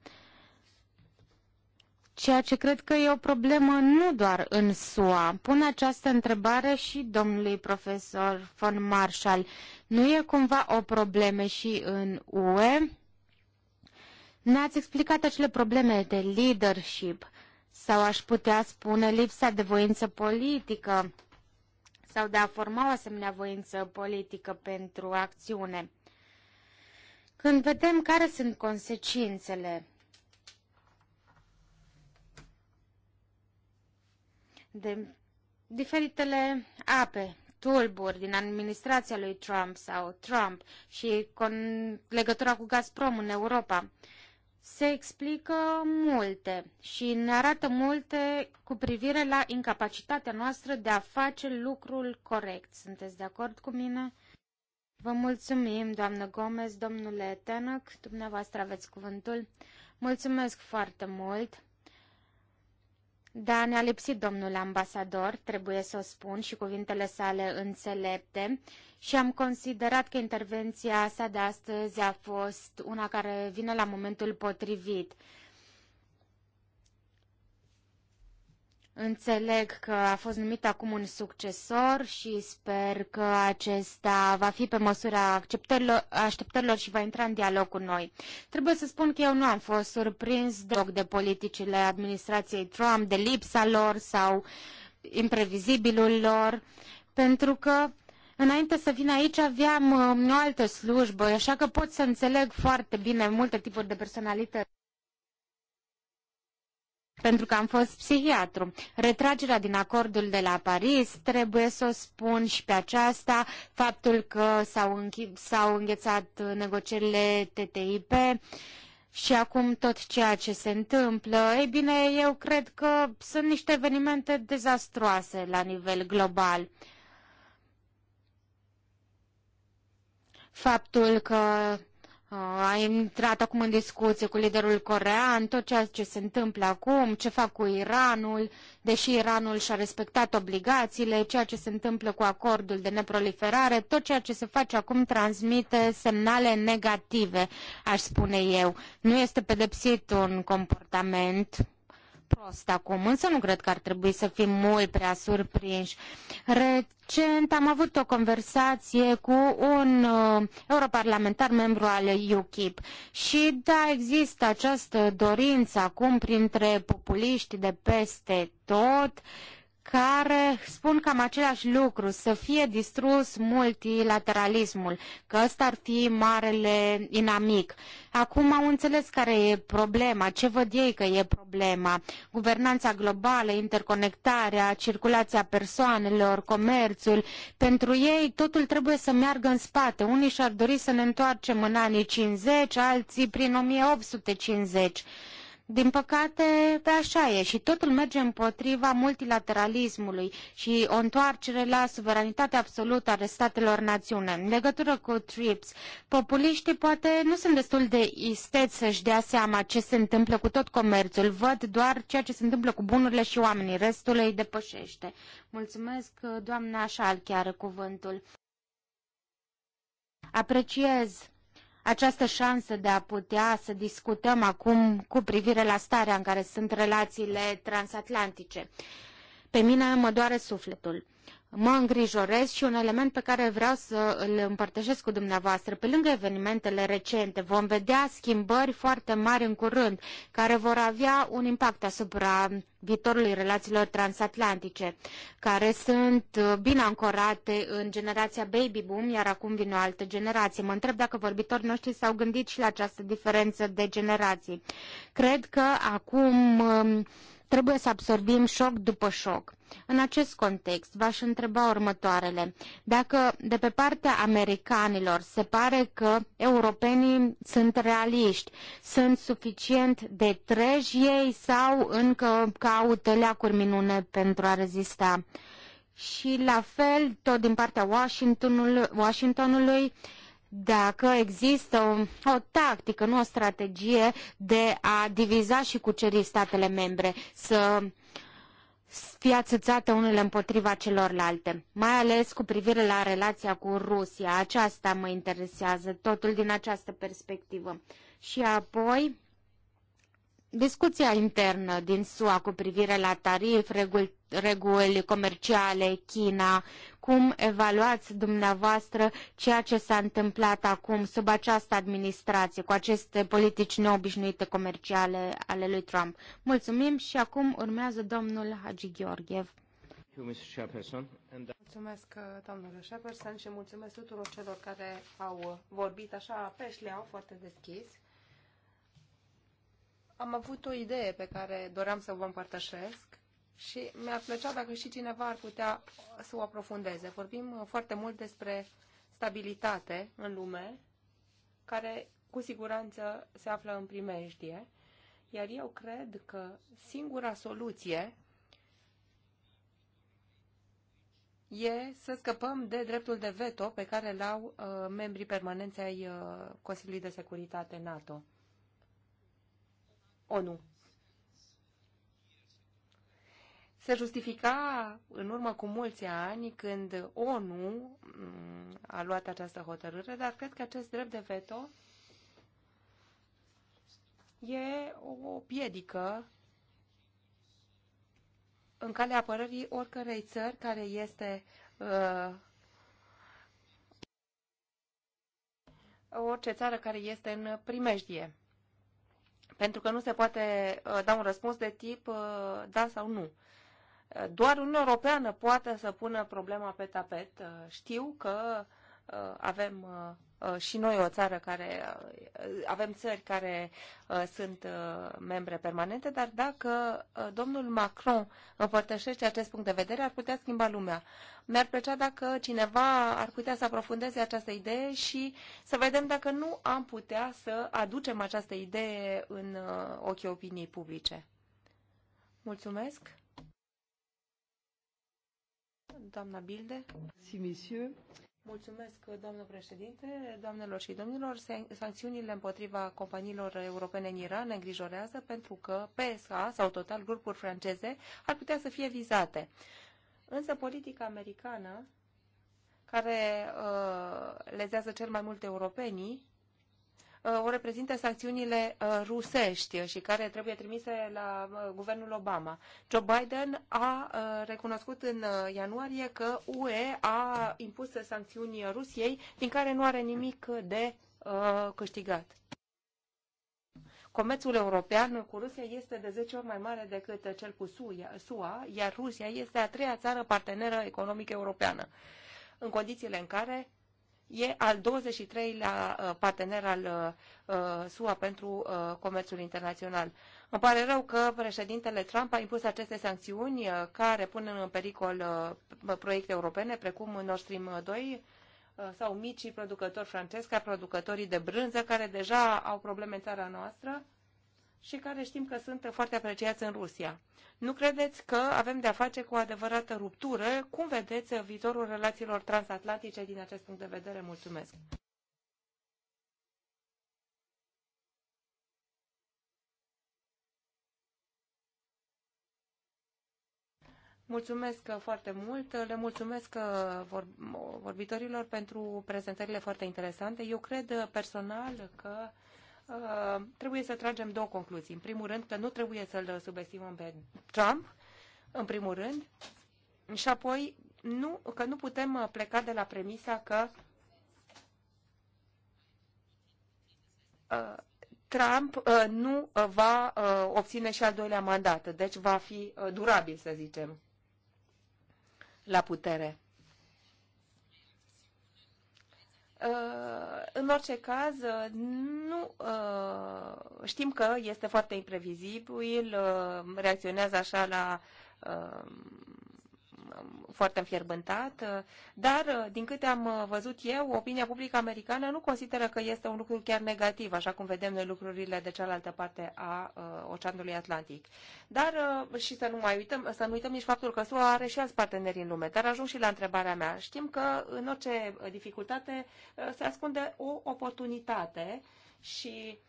Speaker 2: ceea ce cred că e o problemă nu doar în SUA. Pun această întrebare și domnului profesor von Marshall. Nu e cumva o problemă și în UE? Ne-ați explicat acele probleme de leadership sau aș putea spune lipsa de voință politică sau de a forma o asemenea voință politică pentru acțiune. Când vedem care sunt consecințele de diferitele ape, tulburi din administrația lui Trump sau Trump și con legătura cu Gazprom în Europa, se explică multe și ne arată multe cu privire la incapacitatea noastră de a face lucrul corect. Sunteți de acord cu mine? Vă mulțumim, doamnă Gomez, domnule Tenoc, dumneavoastră aveți cuvântul. Mulțumesc foarte mult! Da, ne-a lipsit domnul ambasador, trebuie să o spun, și cuvintele sale înțelepte și am considerat că intervenția sa de astăzi a fost una care vine la momentul potrivit. Înțeleg că a fost numit acum un succesor și sper că acesta va fi pe măsura acceptărilor, așteptărilor și va intra în dialog cu noi. Trebuie să spun că eu nu am fost surprins deloc de politicile administrației Trump, de lipsa lor sau imprevizibilul lor, pentru că Înainte să vin aici aveam uh, o altă slujbă, așa că pot să înțeleg foarte bine multe tipuri de personalități pentru că am fost psihiatru. Retragerea din acordul de la Paris, trebuie să o spun și pe aceasta, faptul că s-au, închi- înghețat negocierile TTIP și acum tot ceea ce se întâmplă, ei bine, eu cred că sunt niște evenimente dezastroase la nivel global. Faptul că Ah, a intrat acum în discuție cu liderul corean, tot ceea ce se întâmplă acum, ce fac cu Iranul, deși Iranul și-a respectat obligațiile, ceea ce se întâmplă cu acordul de neproliferare, tot ceea ce se face acum transmite semnale negative, aș spune eu. Nu este pedepsit un comportament prost acum, însă nu cred că ar trebui să fim mult prea surprinși. Recent am avut o conversație cu un uh, europarlamentar membru al UKIP și da, există această dorință acum printre populiști de peste tot uh, care spun cam același lucru, să fie distrus multilateralismul, că ăsta ar fi marele inamic. Acum au înțeles care e problema, ce văd ei că e problema. Guvernanța globală, interconectarea, circulația persoanelor, comerțul, pentru ei totul trebuie să meargă în spate. Unii și-ar dori să ne întoarcem în anii 50, alții prin 1850 din păcate, așa e și totul merge împotriva multilateralismului și o întoarcere la suveranitatea absolută a statelor națiune. În legătură cu TRIPS, populiștii poate nu sunt destul de isteți să-și dea seama ce se întâmplă cu tot comerțul. Văd doar ceea ce se întâmplă cu bunurile și oamenii. Restul îi depășește. Mulțumesc, doamna așa chiar cuvântul. Apreciez această șansă de a putea să discutăm acum cu privire la starea în care sunt relațiile transatlantice. Pe mine mă doare sufletul mă îngrijorez și un element pe care vreau să îl împărtășesc cu dumneavoastră. Pe lângă evenimentele recente, vom vedea schimbări foarte mari în curând, care vor avea un impact asupra viitorului relațiilor transatlantice, care sunt uh, bine ancorate în generația baby boom, iar acum vine o altă generație. Mă întreb dacă vorbitorii noștri s-au gândit și la această diferență de generații. Cred că acum um, Trebuie să absorbim șoc după șoc. În acest context, v-aș întreba următoarele. Dacă de pe partea americanilor se pare că europenii sunt realiști, sunt suficient de treji ei sau încă caută leacuri minune pentru a rezista. Și la fel, tot din partea Washingtonului, Washingtonului dacă există o, o tactică, nu o strategie de a diviza și cuceri statele membre, să fie ațățate unele împotriva celorlalte, mai ales cu privire la relația cu Rusia. Aceasta mă interesează, totul din această perspectivă. Și apoi, discuția internă din SUA cu privire la tarif, reguli, reguli comerciale, China, cum evaluați dumneavoastră ceea ce s-a întâmplat acum sub această administrație, cu aceste politici neobișnuite comerciale ale lui Trump. Mulțumim și acum urmează domnul Hagi Gheorghev.
Speaker 3: Mulțumesc, domnule Sheperson, și mulțumesc tuturor celor care au vorbit așa pe șleau, foarte deschis am avut o idee pe care doream să vă împărtășesc și mi-ar plăcea dacă și cineva ar putea să o aprofundeze. Vorbim uh, foarte mult despre stabilitate în lume, care cu siguranță se află în primejdie, iar eu cred că singura soluție e să scăpăm de dreptul de veto pe care l-au uh, membrii permanenți ai uh, Consiliului de Securitate NATO. ONU. Se justifica în urmă cu mulți ani când ONU mm, a luat această hotărâre, dar cred că acest drept de veto e o piedică în calea apărării oricărei țări care este uh, orice țară care este în primejdie pentru că nu se poate uh, da un răspuns de tip uh, da sau nu. Uh, doar Uniunea Europeană poate să pună problema pe tapet. Știu că avem Uh, și noi o țară care uh, avem țări care uh, sunt membre permanente, dar dacă domnul Macron împărtășește acest punct de vedere, ar putea schimba lumea. Mi-ar plăcea dacă cineva ar putea să aprofundeze această idee și să vedem dacă nu am putea să aducem această idee în ochii opiniei publice. Mulțumesc. Doamna Bilde. Si, monsieur. Mulțumesc, doamnă președinte, doamnelor și domnilor. Sancțiunile împotriva companiilor europene în Iran ne îngrijorează pentru că PSA sau total grupuri franceze ar putea să fie vizate. Însă politica americană, care uh, lezează cel mai mult europenii, Uh, o reprezintă sancțiunile uh, rusești și care trebuie trimise la uh, guvernul Obama. Joe Biden a recunoscut în ianuarie că UE a impus sancțiuni Rusiei, din care nu are nimic de câștigat. Comerțul european cu Rusia este de 10 ori mai mare decât cel cu SUA, iar Rusia este a treia țară parteneră economică europeană, în condițiile în care e al 23-lea uh, partener al uh, uh, SUA pentru comerțul internațional. Îmi pare rău că președintele Trump a impus aceste sancțiuni care pun în pericol proiecte europene precum Nord Stream 2 sau micii producători francezi ca producătorii de brânză care deja au probleme în țara noastră și care știm că sunt foarte apreciați în Rusia. Nu credeți că avem de-a face cu o adevărată ruptură? Cum vedeți viitorul relațiilor transatlantice din acest punct de vedere? Mulțumesc! Mulțumesc foarte mult, le mulțumesc uh, uh, vorbitorilor pentru prezentările foarte interesante. Eu cred personal că Uh, trebuie să tragem două concluzii. În primul rând că nu trebuie să-l subestimăm pe Trump, în primul rând, și apoi nu, că nu putem uh, pleca de la premisa că uh, Trump nu va obține și al doilea mandat, deci va fi durabil, să zicem, la putere. În orice caz, nu uh, știm că este foarte imprevizibil, uh, reacționează așa la uh, foarte înfierbântat, dar, din câte am uh, văzut eu, opinia publică americană nu consideră că este un lucru chiar negativ, așa cum vedem noi lucrurile de cealaltă parte a uh, Oceanului Atlantic. Dar, uh, și să nu mai uităm, să nu uităm nici faptul că SUA are și alți parteneri în lume, dar ajung și la întrebarea mea. Știm că în orice dificultate se ascunde o oportunitate și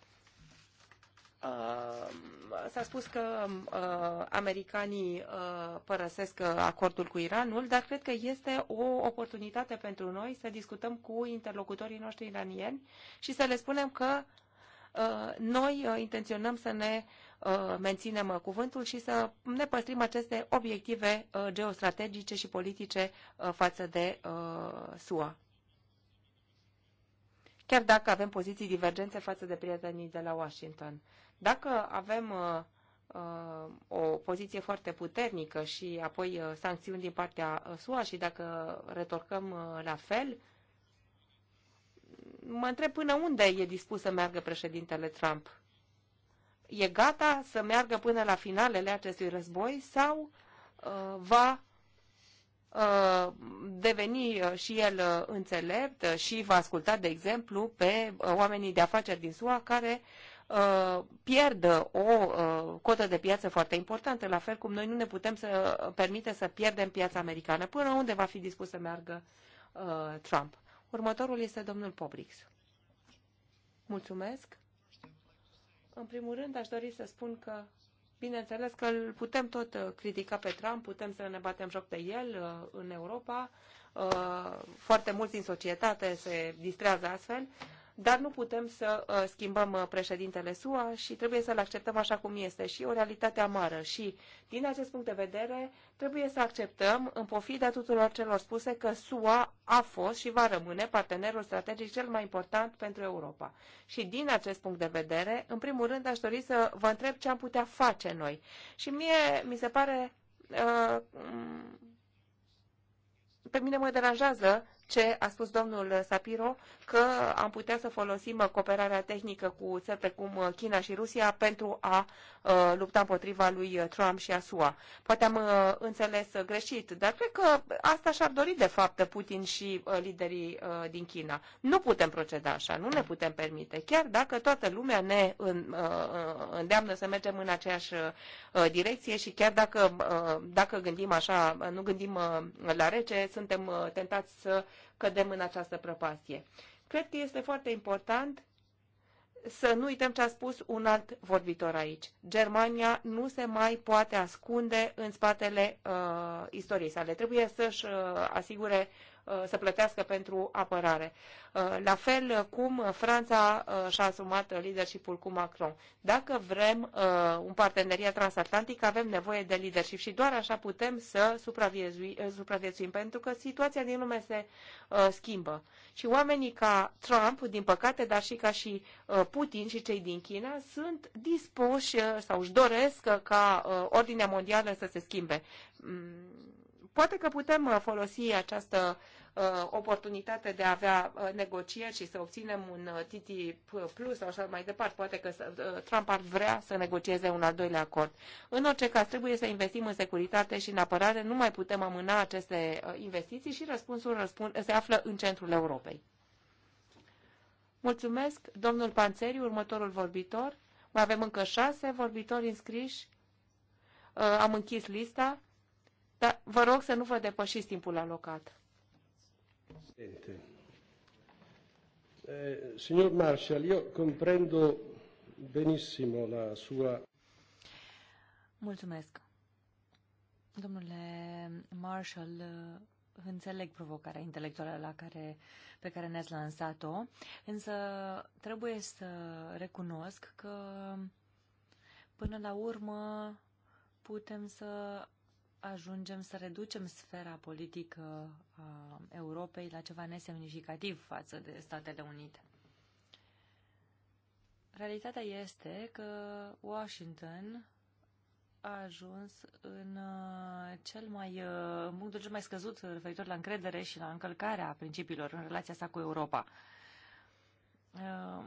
Speaker 3: Uh, s-a spus că uh, americanii uh, părăsesc acordul cu Iranul, dar cred că este o oportunitate pentru noi să discutăm cu interlocutorii noștri iranieni și să le spunem că noi intenționăm să ne menținem cuvântul și să ne păstrim aceste obiective geostrategice și politice față de SUA. Chiar dacă avem poziții divergențe față de prietenii de la Washington. Dacă avem uh, uh, o poziție foarte puternică și apoi uh, sancțiuni din partea SUA și dacă retorcăm la fel, mă întreb până unde e dispus să meargă președintele Trump. E gata să meargă până la finalele acestui război sau uh, va deveni și el înțelept și va asculta, de exemplu, pe oamenii de afaceri din SUA care uh, uh, pierd o uh, cotă de piață foarte importantă, la fel cum noi nu ne putem să permite să pierdem piața americană. Până unde va fi dispus să meargă uh, Trump? Următorul este domnul Pobrix. Mulțumesc. În primul rând, aș dori să spun că, bineînțeles că îl putem tot uh, critica pe Trump, putem să ne batem joc de el în Europa, foarte mulți din societate se distrează astfel, dar nu putem să uh, schimbăm uh, președintele SUA și trebuie să-l acceptăm așa cum este și o realitate amară. Și, din acest punct de vedere, trebuie să acceptăm, în pofida tuturor celor spuse, că SUA a fost și va rămâne partenerul strategic cel mai important pentru Europa. Și, din acest punct de vedere, în primul rând, aș dori să vă întreb ce am putea face noi. Și mie mi se pare... Uh, pe mine mă deranjează ce a spus domnul Sapiro, că am putea să folosim cooperarea tehnică cu țări precum China și Rusia pentru a uh, lupta împotriva lui Trump și a SUA. Poate am uh, înțeles greșit, dar cred că asta și-ar dori de fapt Putin și uh, liderii din China. Nu putem proceda așa, nu ne putem permite, chiar dacă toată lumea ne îndeamnă să mergem în aceeași direcție și chiar dacă, dacă gândim așa, nu gândim la rece, suntem tentați să cădem în această prăpastie. Cred că este foarte important să nu uităm ce a spus un alt vorbitor aici. Germania nu se mai poate ascunde în spatele uh, istoriei sale. Trebuie să-și uh, asigure Uh, să plătească pentru apărare. Uh, la fel cum Franța uh, și-a asumat leadership-ul cu Macron. Dacă vrem un parteneriat transatlantic, avem nevoie de leadership și doar așa putem să supraviețuim, pentru că situația din lume se schimbă. Și oamenii ca Trump, din păcate, dar și ca și Putin și cei din China, sunt dispuși sau își doresc ca ordinea mondială să se schimbe mm, poate că putem folosi această Uh, oportunitate de a avea uh, negocieri și să obținem un uh, TTIP plus sau așa mai departe. Poate că Trump ar vrea să negocieze un al doilea acord. În orice caz, trebuie să investim în securitate și în apărare. Nu mai putem amâna aceste investiții și răspunsul răspund, se află în centrul Europei. Mulțumesc, domnul Panțeri, următorul vorbitor. Mai avem încă șase vorbitori înscriși. Am închis lista, dar vă rog să nu vă depășiți timpul alocat. Presidente, eh, signor Marshall,
Speaker 2: io comprendo benissimo la sua...
Speaker 1: Mulțumesc. Domnule Marshall, eh, înțeleg provocarea intelectuală la care, pe care ne-ați lansat-o, însă trebuie să recunosc că până la urmă putem să ajungem să reducem sfera politică a Europei la ceva nesemnificativ față de Statele Unite. Realitatea este că Washington a ajuns în uh, cel mai, în uh, punctul cel mai scăzut referitor la încredere și la încălcarea principiilor în relația sa cu Europa. Uh,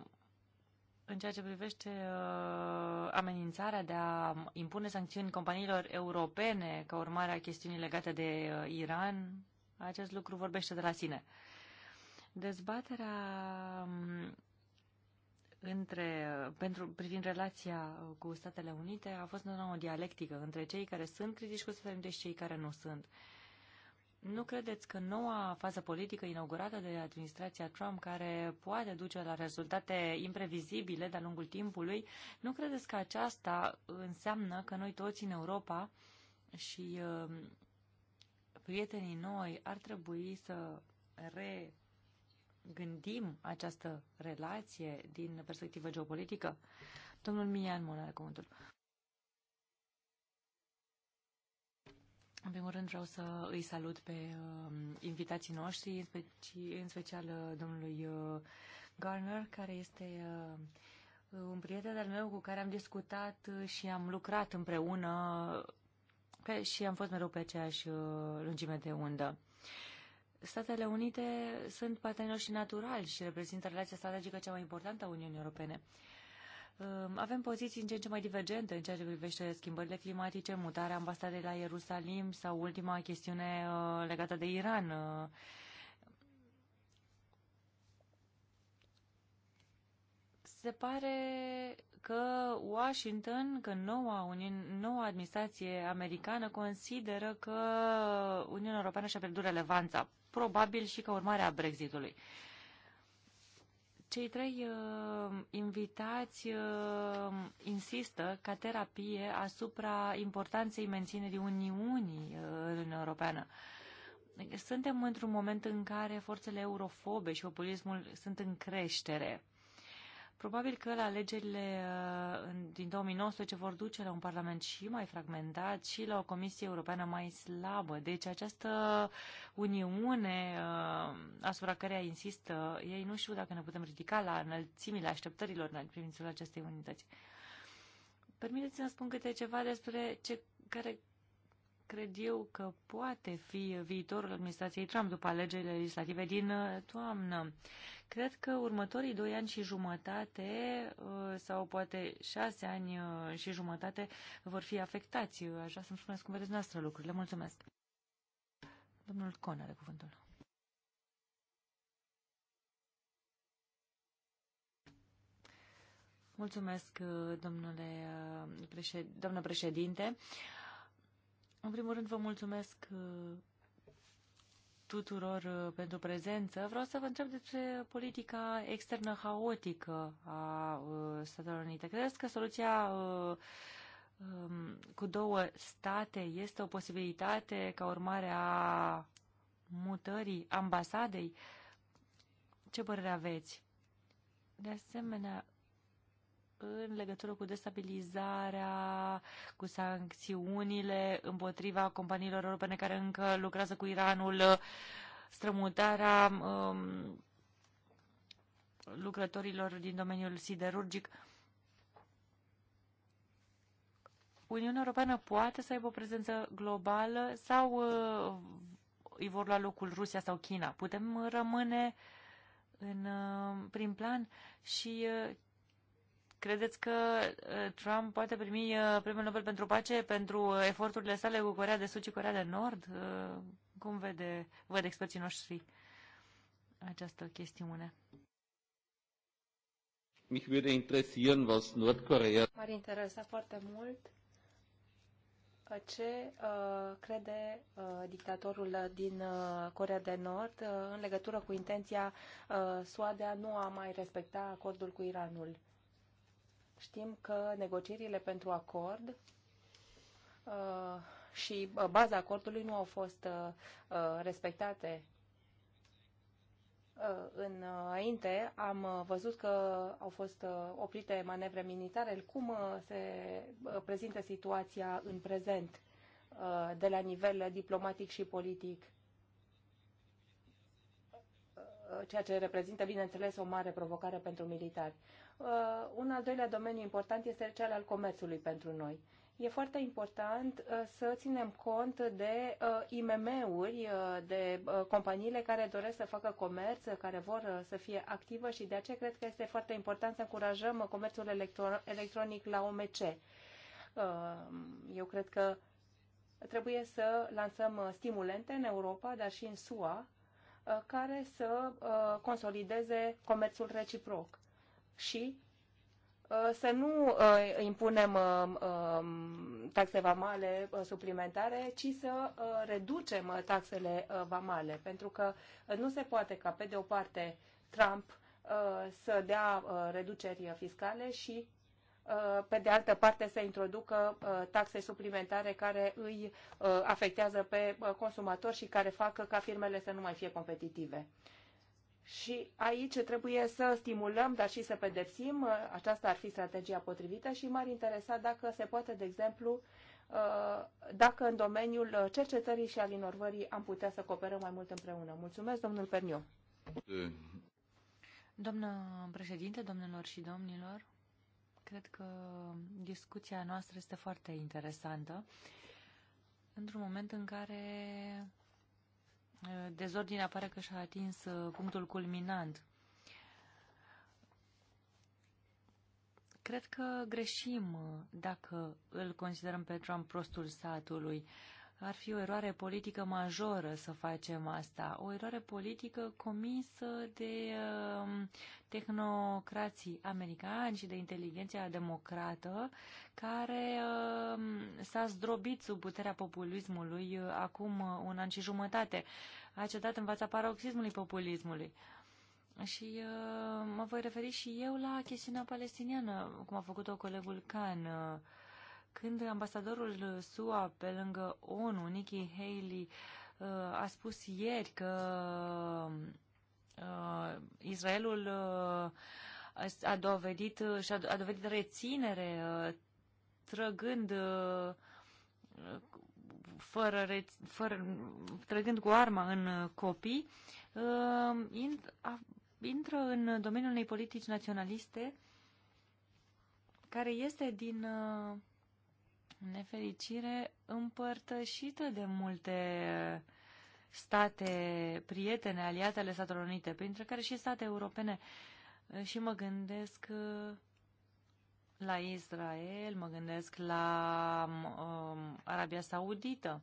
Speaker 1: în ceea ce privește uh, amenințarea de a impune sancțiuni companiilor europene ca urmare a chestiunii legate de uh, Iran, acest lucru vorbește de la sine. Dezbaterea um, între, uh, pentru, privind relația cu Statele Unite a fost o dialectică între cei care sunt critici cu Statele Unite și cei care nu sunt. Uh, nu credeți că noua fază politică inaugurată de administrația Trump, care poate duce la rezultate imprevizibile de-a lungul timpului, nu credeți că aceasta înseamnă că noi toți în Europa și uh, prietenii noi ar trebui să regândim această relație din perspectivă geopolitică? Domnul Mian Mon cuvântul. În primul rând vreau să îi salut pe uh, invitații noștri, în, speci- în special uh, domnului uh, Garner, care este uh, un prieten al meu cu care am discutat uh, și am lucrat împreună uh, și am fost mereu pe aceeași uh, lungime de undă. Statele Unite sunt partenerii noștri naturali și reprezintă relația strategică cea mai importantă a Uniunii Europene. Uh, avem poziții în ce în ce mai divergente în ceea ce privește schimbările climatice, mutarea ambasadei la Ierusalim sau ultima chestiune uh, legată de Iran. Uh. Se pare că Washington, că noua, Uniun, noua administrație americană consideră că Uniunea Europeană și-a pierdut relevanța, probabil și ca urmare a Brexitului. ului cei trei uh, invitați uh, insistă ca terapie asupra importanței menținerii Uniunii uh, în uh, Europeană. Suntem într-un moment în care forțele eurofobe și populismul sunt în creștere. Probabil că la alegerile uh, din 2019 vor duce la un Parlament și mai fragmentat și la o Comisie Europeană mai slabă. Deci această uniune uh, asupra căreia insistă ei, nu știu dacă ne putem ridica la înălțimile așteptărilor în privința acestei unități. Permiteți-mi să spun câte ceva despre ce, care cred eu că poate fi viitorul administrației Trump după alegerile legislative din uh, toamnă. Cred că următorii doi ani și jumătate uh, sau poate șase ani uh, și jumătate vor fi afectați. Așa să-mi spuneți cum vedeți noastră lucrurile. Mulțumesc. Domnul Con are cuvântul. Mulțumesc, domnule președinte. În primul rând, vă mulțumesc uh, tuturor uh, pentru prezență. Vreau să vă întreb despre politica externă haotică a uh, Statelor Unite. Credeți că soluția um, cu două state este o posibilitate ca urmare a mutării ambasadei? Ce părere aveți? De asemenea, în legătură cu destabilizarea, cu sancțiunile împotriva companiilor europene care încă lucrează cu Iranul, strămutarea um, lucrătorilor din domeniul siderurgic. Uniunea Europeană poate să aibă o prezență globală sau uh, îi vor lua locul Rusia sau China? Putem rămâne în uh, prim plan și uh, Credeți că uh, Trump poate primi uh, premiul Nobel pentru pace pentru uh, eforturile sale cu Corea de Sud și Corea de Nord? Cum vede, văd experții noștri această chestiune?
Speaker 3: Mich würde interessieren, was Nordkorea... M-ar interesa foarte mult ce uh, crede uh, dictatorul din uh, Corea de Nord uh, în legătură cu intenția uh, SUA de a nu a mai respecta acordul cu Iranul. Știm că negocierile pentru acord uh, și uh, baza acordului nu au fost uh, respectate înainte am văzut că au fost oprite manevre militare. Cum se prezintă situația în prezent de la nivel diplomatic și politic? Uh, ceea ce reprezintă, bineînțeles, o mare provocare pentru militari. Uh, un al doilea domeniu important este cel al comerțului pentru noi. E foarte important uh, să ținem cont de IMM-uri, de companiile care doresc să facă comerț, care vor să fie activă și de aceea cred că este foarte important să încurajăm comerțul electro electronic la OMC. Eu cred că trebuie să lansăm stimulente în Europa, dar și în SUA, Uh, care să uh, consolideze comerțul reciproc și uh, să nu impunem um, um, taxe vamale suplimentare, ci să reducem taxele vamale, pentru că nu se poate ca, pe de o parte, Trump să dea reduceri fiscale și Uh, pe de altă parte să introducă uh, taxe suplimentare care îi uh, afectează pe consumatori și care fac ca firmele să nu mai fie competitive. Și aici trebuie să stimulăm, dar și să pedepsim. Aceasta ar fi strategia potrivită și m-ar interesa dacă se poate, de exemplu, dacă în domeniul cercetării și al inovării am putea să cooperăm mai mult împreună. Mulțumesc, domnul Perniu.
Speaker 1: Domnul președinte, domnilor și domnilor, Cred că discuția noastră este foarte interesantă într-un moment în care uh, dezordinea pare că și-a atins uh, punctul culminant. Cred că greșim uh, dacă îl considerăm pe Trump prostul satului. Uh, ar fi o eroare politică majoră să facem asta, o eroare politică comisă de um, tehnocrații americani și de inteligenția democrată, care um, s-a zdrobit sub puterea populismului uh, acum uh, un an și jumătate. A cedat în fața paroxismului populismului. Și uh, mă voi referi și eu la chestiunea palestiniană, cum a făcut-o colegul Khan. Uh, când ambasadorul SUA pe lângă ONU, Nikki Haley, uh, a spus ieri că uh, Israelul uh, a dovedit și a dovedit reținere trăgând fără, fără trăgând cu arma în copii, intră în domeniul unei politici naționaliste care este din nefericire împărtășită de multe state prietene, aliate ale Statelor Unite, printre care și state europene. Și mă gândesc uh, la Israel, mă gândesc la um, um, Arabia Saudită,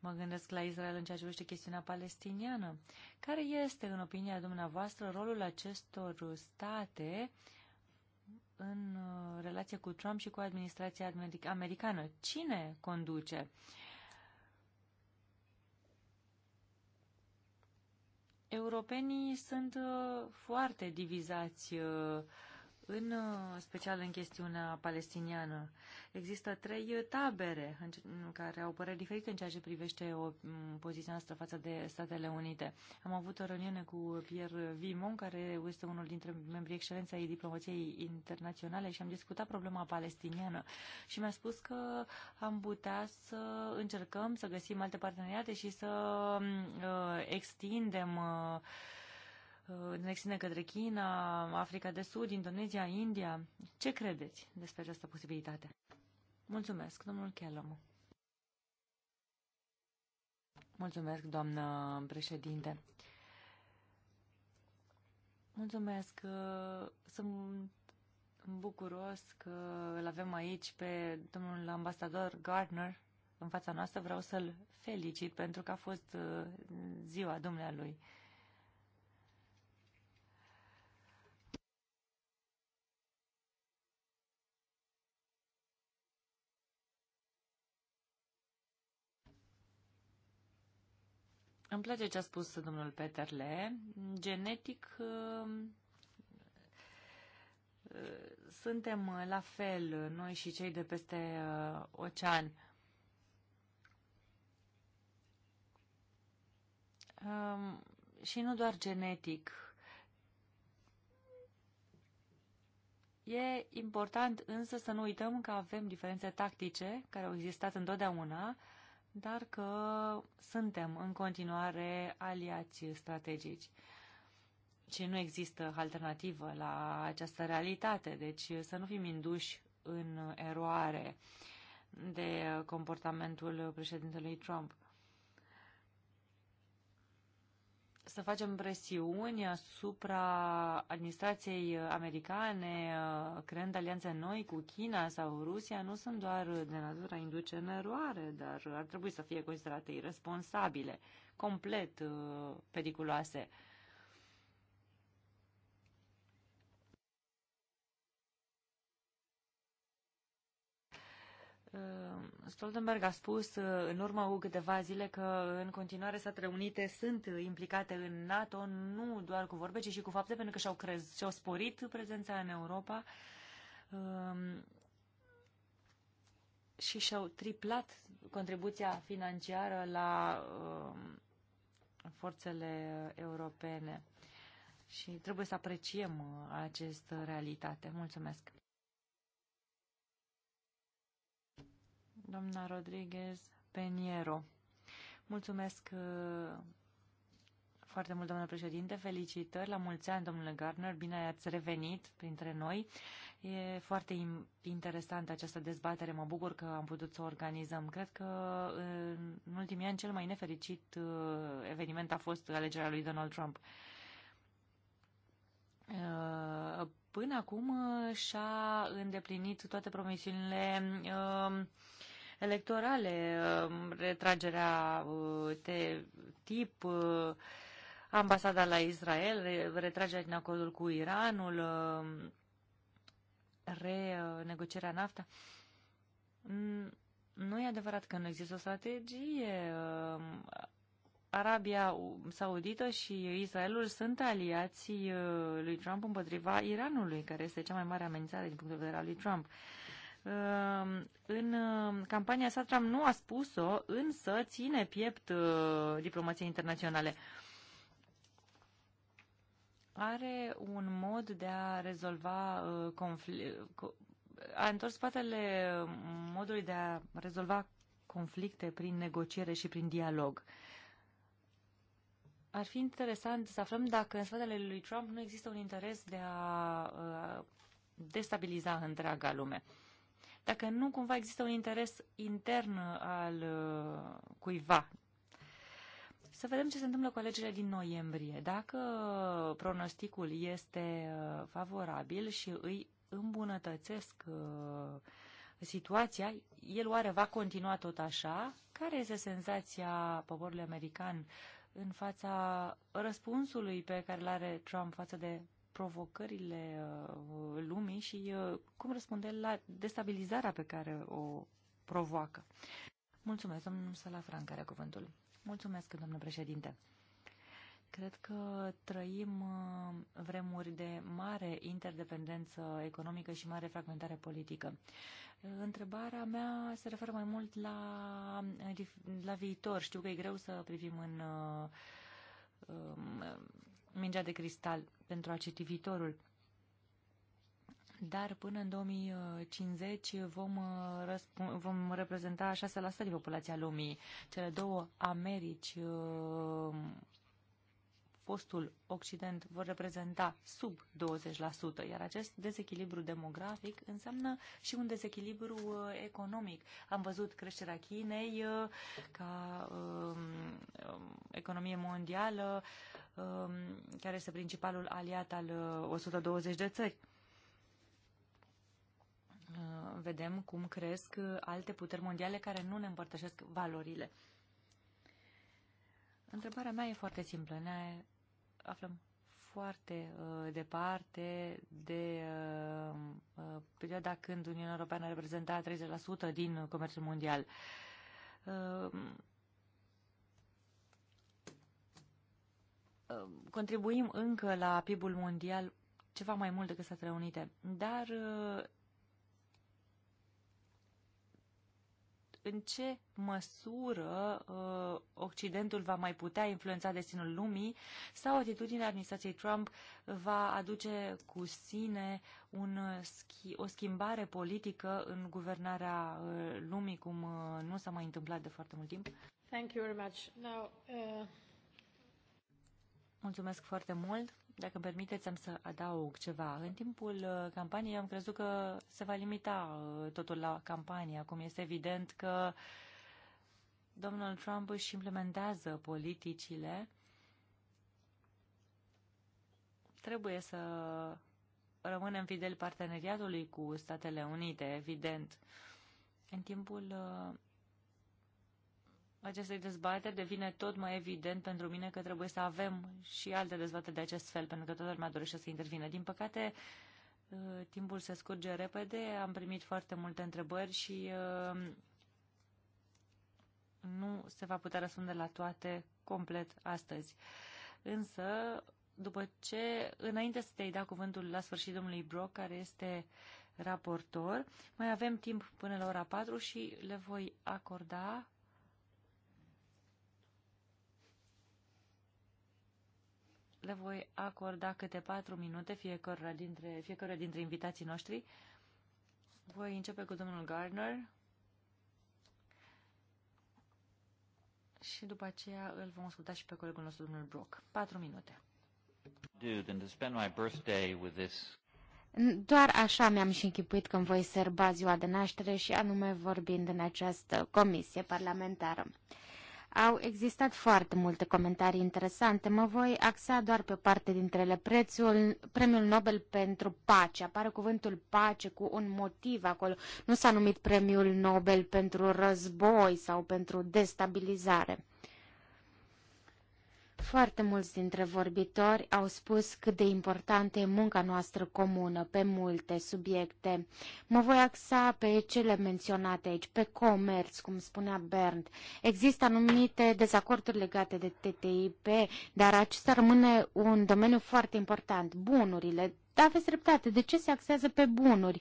Speaker 1: mă gândesc la Israel în ceea ce privește chestiunea palestiniană. Care este, în opinia dumneavoastră, rolul acestor state uh, în uh, relație cu Trump și cu administrația americană. Cine conduce? Europenii sunt uh, foarte divizați uh, în uh, special în chestiunea palestiniană, există trei tabere în care au păreri diferite în ceea ce privește o poziția noastră față de Statele Unite. Am avut o reuniune cu Pierre Vimon, care este unul dintre membrii excelenței ai diplomației internaționale și am discutat problema palestiniană și mi-a spus că am putea să încercăm să găsim alte parteneriate și să uh, extindem uh, Uh, ne extindem către China, Africa de Sud, Indonezia, India. Ce credeți despre această posibilitate? Mulțumesc, domnul Chelom. Mulțumesc, doamnă președinte. Mulțumesc. Uh, sunt bucuros că îl avem aici pe domnul ambasador Gardner în fața noastră. Vreau să-l felicit pentru că a fost uh, ziua dumnealui. lui. Îmi place ce a spus domnul Peterle. Genetic ă, ă, suntem la fel, noi și cei de peste ă, ocean. Și nu doar genetic. E important însă să nu uităm că avem diferențe tactice care au existat întotdeauna, uh, dar că suntem în continuare aliați strategici și nu există alternativă la această realitate, deci să nu fim induși în eroare de comportamentul președintelui Trump. să facem presiuni asupra administrației americane, creând alianțe noi cu China sau Rusia, nu sunt doar de natură induce în eroare, dar ar trebui să fie considerate irresponsabile, complet uh, periculoase. Uh, Uh, Stoltenberg a spus uh, în urmă cu câteva zile că în continuare Statele Unite sunt implicate în NATO, nu doar cu vorbe, ci și cu fapte, pentru că și-au, crez- și-au sporit prezența în Europa um, și și-au triplat contribuția financiară la um, forțele europene. Și trebuie să apreciem uh, această realitate. Mulțumesc! doamna Rodriguez Peniero. Mulțumesc uh, foarte mult, domnule președinte. Felicitări, la mulți ani, domnule Garner. Bine ați revenit printre noi. E foarte interesantă această dezbatere. Mă bucur că am putut să o organizăm. Cred că uh, în ultimii ani cel mai nefericit uh, eveniment a fost alegerea lui Donald Trump. Până acum și-a îndeplinit toate promisiunile electorale, um, retragerea uh, de tip, uh, ambasada la Israel, retragerea din acordul cu Iranul, um, renegocierea uh, NAFTA. Nu e adevărat că nu există o strategie. Um, Arabia Saudită și Israelul sunt aliații lui Trump împotriva Iranului, care este cea mai mare amenințare din punct de vedere al lui Trump. Ehm, în ehm, campania sa Trump nu a spus-o, însă ține piept ehm, diplomației internaționale. Are un mod de a rezolva conflicte, a întors spatele modului de a rezolva conflicte prin negociere și prin dialog. Ar fi interesant să aflăm dacă în spatele lui Trump nu există un interes de a destabiliza întreaga lume dacă nu cumva există un interes intern al uh, cuiva. Să vedem ce se întâmplă cu alegerile din noiembrie. Dacă pronosticul este uh, favorabil și îi îmbunătățesc uh, situația, el oare va continua tot așa? Care este senzația poporului american în fața răspunsului pe care îl are Trump față de provocările uh, lumii și uh, cum răspunde la destabilizarea pe care o provoacă. Mulțumesc, domnul Salafran, care cuvântul. Mulțumesc, domnule președinte. Cred că trăim uh, vremuri de mare interdependență economică și mare fragmentare politică. Întrebarea mea se referă mai mult la, la viitor. Știu că e greu să privim în um, mingea de cristal pentru a citi viitorul. Dar până în 2050 vom, uh, vom reprezenta 6% din populația lumii. Cele două Americi, uh, fostul Occident, vor reprezenta sub 20%, iar acest dezechilibru demografic înseamnă și un dezechilibru uh, economic. Am văzut creșterea Chinei ca um, um, economie mondială, Um, care este principalul aliat al 120 uh, de țări. Uh, vedem cum cresc uh, alte puteri mondiale care nu ne împărtășesc valorile. Întrebarea mea e foarte simplă. Ne aflăm foarte uh, departe de uh, perioada când Uniunea Europeană reprezenta 30% din comerțul mondial. Uh, Uh, contribuim încă la PIB-ul mondial ceva mai mult decât Statele Unite, dar uh, în ce măsură uh, Occidentul va mai putea influența destinul lumii sau atitudinea administrației Trump va aduce cu sine un, o schimbare politică în guvernarea lumii, cum nu s-a mai întâmplat de foarte mult timp?
Speaker 2: Thank you very much. Now, uh...
Speaker 1: Mulțumesc foarte mult. Dacă permiteți, am să adaug ceva. În timpul uh, campaniei am crezut că se va limita uh, totul la campanie. Acum este evident că Donald Trump își implementează politicile. Trebuie să rămânem fideli parteneriatului cu Statele Unite, evident. În timpul uh, acestei dezbateri devine tot mai evident pentru mine că trebuie să avem și alte dezbateri de acest fel, pentru că toată lumea dorește să intervină. Din păcate, uh, timpul se scurge repede, am primit foarte multe întrebări și uh, nu se va putea răspunde la toate complet astăzi. Însă, după ce, înainte să te-ai da cuvântul la sfârșit domnului Brock, care este raportor, mai avem timp până la ora 4 și le voi acorda le voi acorda câte patru minute fiecare dintre, fiecare dintre invitații noștri. Voi începe cu domnul Gardner și după aceea îl vom asculta și pe colegul nostru, domnul Brock. Patru minute.
Speaker 2: Doar așa mi-am și închipuit când voi sărba ziua de naștere și anume vorbind în această comisie parlamentară. Au existat foarte multe comentarii interesante. Mă voi axa doar pe o parte dintre ele. Prețul, premiul Nobel pentru pace. Apare cuvântul pace cu un motiv acolo. Nu s-a numit premiul Nobel pentru război sau pentru destabilizare. Foarte mulți dintre vorbitori au spus cât de importantă e munca noastră comună pe multe subiecte. Mă voi axa pe cele menționate aici, pe comerț, cum spunea Bernd. Există anumite dezacorduri legate de TTIP, dar acesta rămâne un domeniu foarte important. Bunurile, da, aveți dreptate. De ce se axează pe bunuri?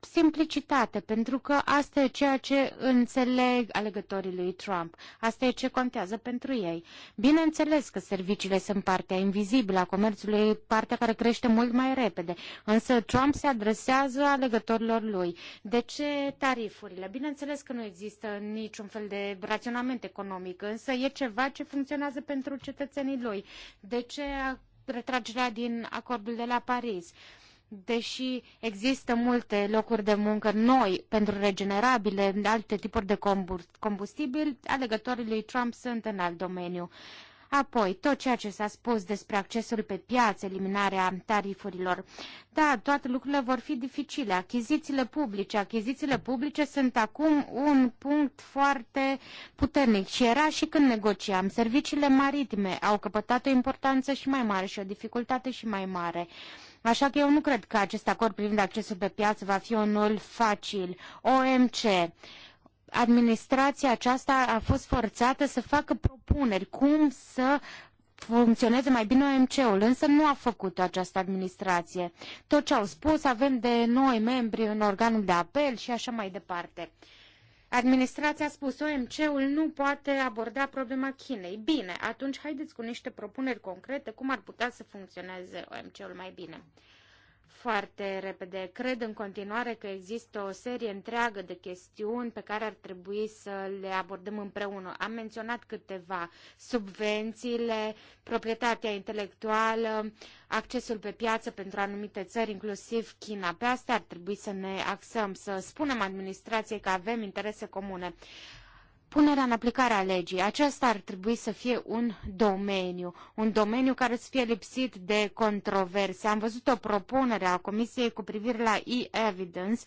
Speaker 2: simplicitate, pentru că asta e ceea ce înțeleg alegătorii lui Trump. Asta e ce contează pentru ei. Bineînțeles că serviciile sunt partea invizibilă a comerțului, partea care crește mult mai repede, însă Trump se adresează alegătorilor lui. De ce tarifurile? Bineînțeles că nu există niciun fel de raționament economic, însă e ceva ce funcționează pentru cetățenii lui. De ce retragerea din acordul de la Paris? Uh, deși există multe locuri de muncă noi pentru regenerabile, alte tipuri de combustibil, alegătorii lui Trump sunt în alt domeniu. Apoi, tot ceea ce s-a spus despre accesul pe piață, eliminarea tarifurilor. Da, toate lucrurile vor fi dificile. Achizițiile publice. Achizițiile publice sunt acum un punct foarte puternic și era și când negociam. Serviciile maritime au căpătat o importanță și mai mare și o dificultate și mai mare. Uh, Așa că eu nu cred că acest acord privind accesul pe piață va fi unul facil. OMC administrația aceasta a fost forțată să facă propuneri cum să funcționeze mai bine OMC-ul, însă nu a făcut această administrație. Tot ce au spus, avem de noi membri în organul de apel și așa mai departe. Administrația a spus OMC-ul nu poate aborda problema Chinei. Bine, atunci haideți cu niște propuneri concrete cum ar putea să funcționeze OMC-ul mai bine foarte repede. Cred în continuare că există o serie întreagă de chestiuni pe care ar trebui să le abordăm împreună. Am menționat câteva subvențiile, proprietatea intelectuală, accesul pe piață pentru anumite țări, inclusiv China. Pe asta ar trebui să ne axăm, să spunem administrației că avem interese comune punerea în aplicare a legii. Acesta ar trebui să fie un domeniu, un domeniu care să fie lipsit de controverse. Am văzut o propunere a Comisiei cu privire la e-evidence,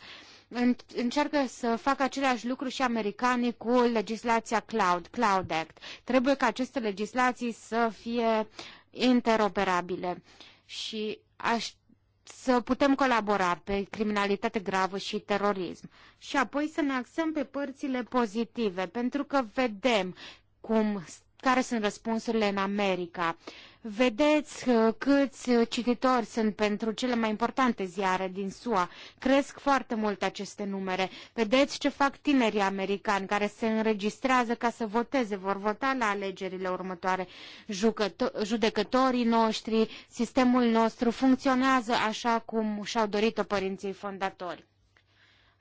Speaker 2: încearcă să facă același lucru și americanii cu legislația Cloud, Cloud Act. Trebuie ca aceste legislații să fie interoperabile și aș să putem colabora pe criminalitate gravă și terorism. Și apoi să ne axăm pe părțile pozitive, pentru că vedem cum care sunt răspunsurile în America. Vedeți uh, câți uh, cititori sunt pentru cele mai importante ziare din SUA. Cresc foarte mult aceste numere. Vedeți ce fac tinerii americani care se înregistrează ca să voteze. Vor vota la alegerile următoare. Jucăto- judecătorii noștri, sistemul nostru funcționează așa cum și-au dorit-o părinții fondatori.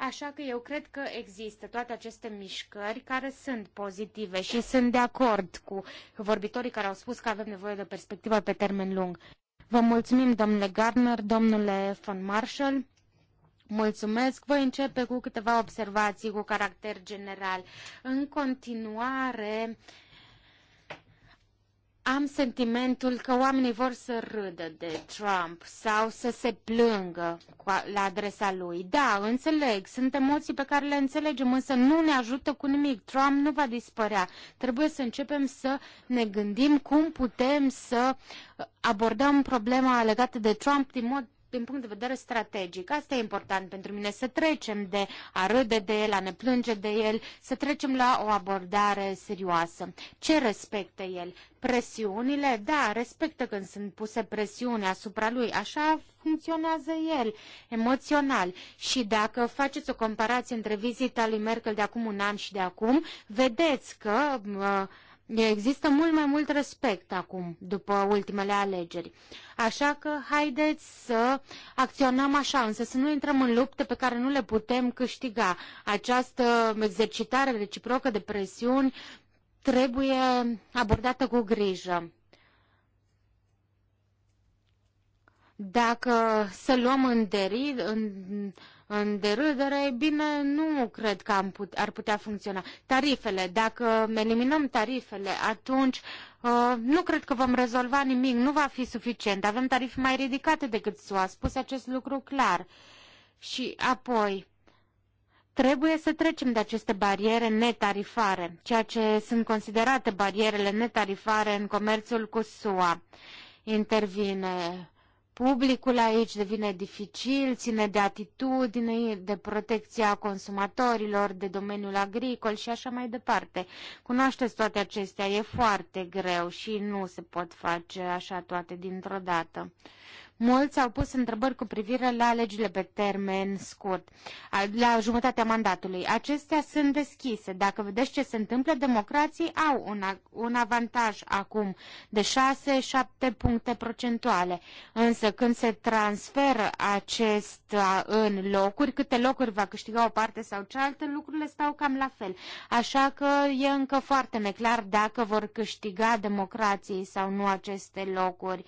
Speaker 2: Așa că eu cred că există toate aceste mișcări care sunt pozitive și sunt de acord cu vorbitorii care au spus că avem nevoie de perspectivă pe termen lung. Vă mulțumim, domnule Gardner, domnule von Marshall. Mulțumesc. Voi începe cu câteva observații cu caracter general. În continuare, uh, am sentimentul că oamenii vor să râdă de Trump sau să se plângă la adresa lui. Da, înțeleg, sunt emoții pe care le înțelegem, însă nu ne ajută cu nimic. Trump nu va dispărea. Trebuie să începem să ne gândim cum putem să abordăm problema legată de Trump din mod din punct de vedere strategic. Asta e important pentru mine, să trecem de a râde de el, a ne plânge de el, să trecem la o abordare serioasă. Ce respectă el? Presiunile? Da, respectă când sunt puse presiune asupra lui. Așa funcționează el, emoțional. Și dacă faceți o comparație între vizita lui Merkel de acum un an și de acum, vedeți că... Uh, Există mult mai mult respect acum, după ultimele alegeri. Așa că haideți să acționăm așa, însă să nu intrăm în lupte pe care nu le putem câștiga. Această exercitare reciprocă de presiuni trebuie abordată cu grijă. Dacă să luăm în, deri, în în derâdere, bine, nu cred că am put- ar putea funcționa. Tarifele, dacă eliminăm tarifele, atunci uh, nu cred că vom rezolva nimic, nu va fi suficient. Avem tarife mai ridicate decât SUA, a spus acest lucru clar. Și apoi, trebuie să trecem de aceste bariere netarifare, ceea ce sunt considerate barierele netarifare în comerțul cu SUA. Intervine publicul aici devine dificil, ține de atitudine, de protecția consumatorilor, de domeniul agricol și așa mai departe. Cunoașteți toate acestea, e foarte greu și nu se pot face așa toate dintr-o dată. Mulți au pus întrebări cu privire la legile pe termen scurt, la jumătatea mandatului. Acestea sunt deschise. Dacă vedeți ce se întâmplă, democrații au un, un avantaj acum de 6-7 puncte procentuale. Însă când se transferă acesta în locuri, câte locuri va câștiga o parte sau cealaltă, lucrurile stau cam la fel. Așa că e încă foarte neclar dacă vor câștiga democrații sau nu aceste locuri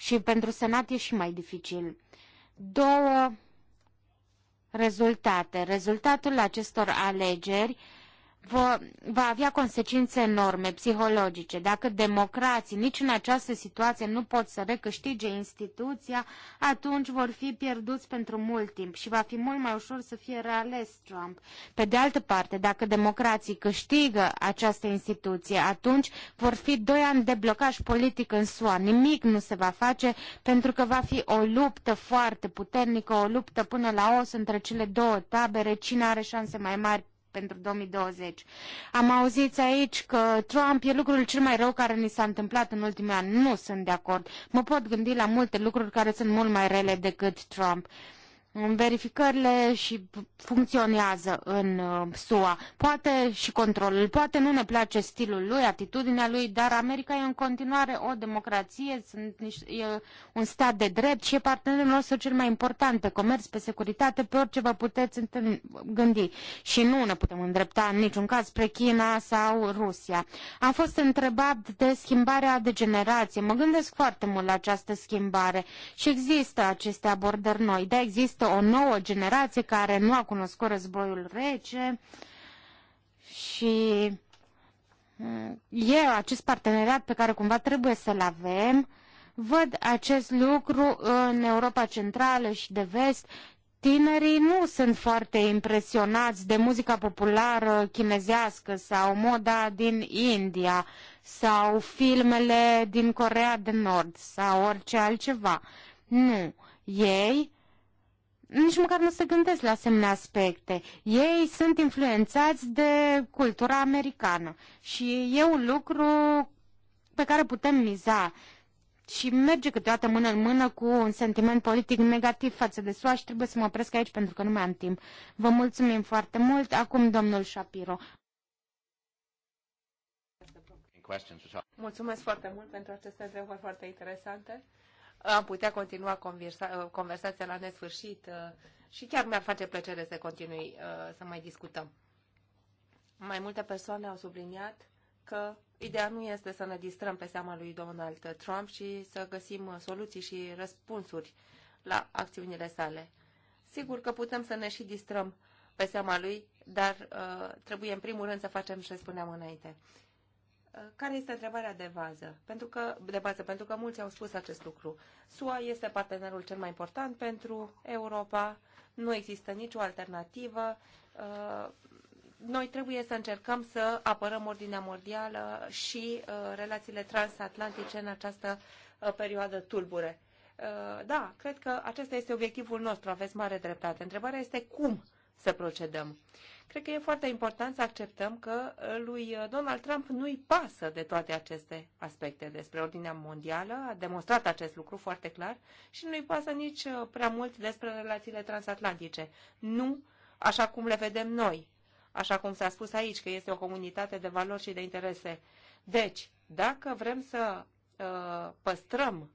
Speaker 2: și pentru Senat e și mai dificil. Două rezultate. Rezultatul acestor alegeri uh, va, va avea consecințe enorme, psihologice. Dacă democrații nici în această situație nu pot să recâștige instituția, atunci vor fi pierduți pentru mult timp și va fi mult mai ușor să fie reales Trump. Pe de altă parte, dacă democrații câștigă această instituție, atunci vor fi doi ani de blocaj politic în SUA. Nimic nu se va face pentru că va fi o luptă foarte puternică, o luptă până la os între cele două tabere, cine are șanse mai mari pentru 2020. Am auzit aici că Trump e lucrul cel mai rău care ni s-a întâmplat în ultimii ani. Nu sunt de acord. Mă pot gândi la multe lucruri care sunt mult mai rele decât Trump. Uh, verificările și funcționează în uh, SUA. Poate și controlul, poate nu ne place stilul lui, atitudinea lui, dar America e în continuare o democrație, sunt e un stat de drept și e partenerul nostru cel mai important pe comerț, pe securitate, pe orice vă puteți gândi. Și nu ne putem îndrepta în niciun caz spre China sau Rusia. Am fost întrebat de schimbarea de generație. Mă gândesc foarte mult la această schimbare și există aceste abordări noi. Da, există există o nouă generație care nu a cunoscut războiul rece și mm, e acest parteneriat pe care cumva trebuie să-l avem. Văd acest lucru în Europa Centrală și de Vest. Tinerii nu sunt foarte impresionați de muzica populară chinezească sau moda din India sau filmele din Corea de Nord sau orice altceva. Nu. Ei nici măcar nu se gândesc la asemenea aspecte. Ei sunt influențați de cultura americană și e un lucru pe care putem miza și merge câteodată mână în mână cu un sentiment politic negativ față de SUA și trebuie să mă opresc aici pentru că nu mai am timp. Vă mulțumim foarte mult. Acum domnul Shapiro.
Speaker 3: Mulțumesc foarte mult pentru aceste întrebări foarte interesante. Am putea continua conversa, uh, conversația la nesfârșit uh, și chiar mi-ar face plăcere să continui uh, să mai discutăm. Mai multe persoane au subliniat că ideea nu este să ne distrăm pe seama lui Donald Trump și să găsim soluții și răspunsuri la acțiunile sale. Sigur că putem să ne și distrăm pe seama lui, dar uh, trebuie în primul rând să facem ce spuneam înainte. Uh, care este întrebarea de bază? Pentru că, de bază, pentru că mulți au spus acest lucru. SUA este partenerul cel mai important pentru Europa, nu există nicio alternativă. Uh, noi trebuie să încercăm să apărăm ordinea mondială și uh, relațiile transatlantice în această perioadă tulbure. Da, cred că acesta este obiectivul nostru, aveți mare dreptate. Întrebarea este cum să procedăm. Uh, Cred că e foarte important să acceptăm că uh, lui uh, Donald Trump nu-i pasă de toate aceste aspecte despre ordinea mondială, a demonstrat acest lucru foarte clar și nu-i pasă nici uh, prea mult despre relațiile transatlantice. Nu așa cum le vedem noi, așa cum s-a spus aici, că este o comunitate de valori și de interese. Deci, dacă vrem să uh, păstrăm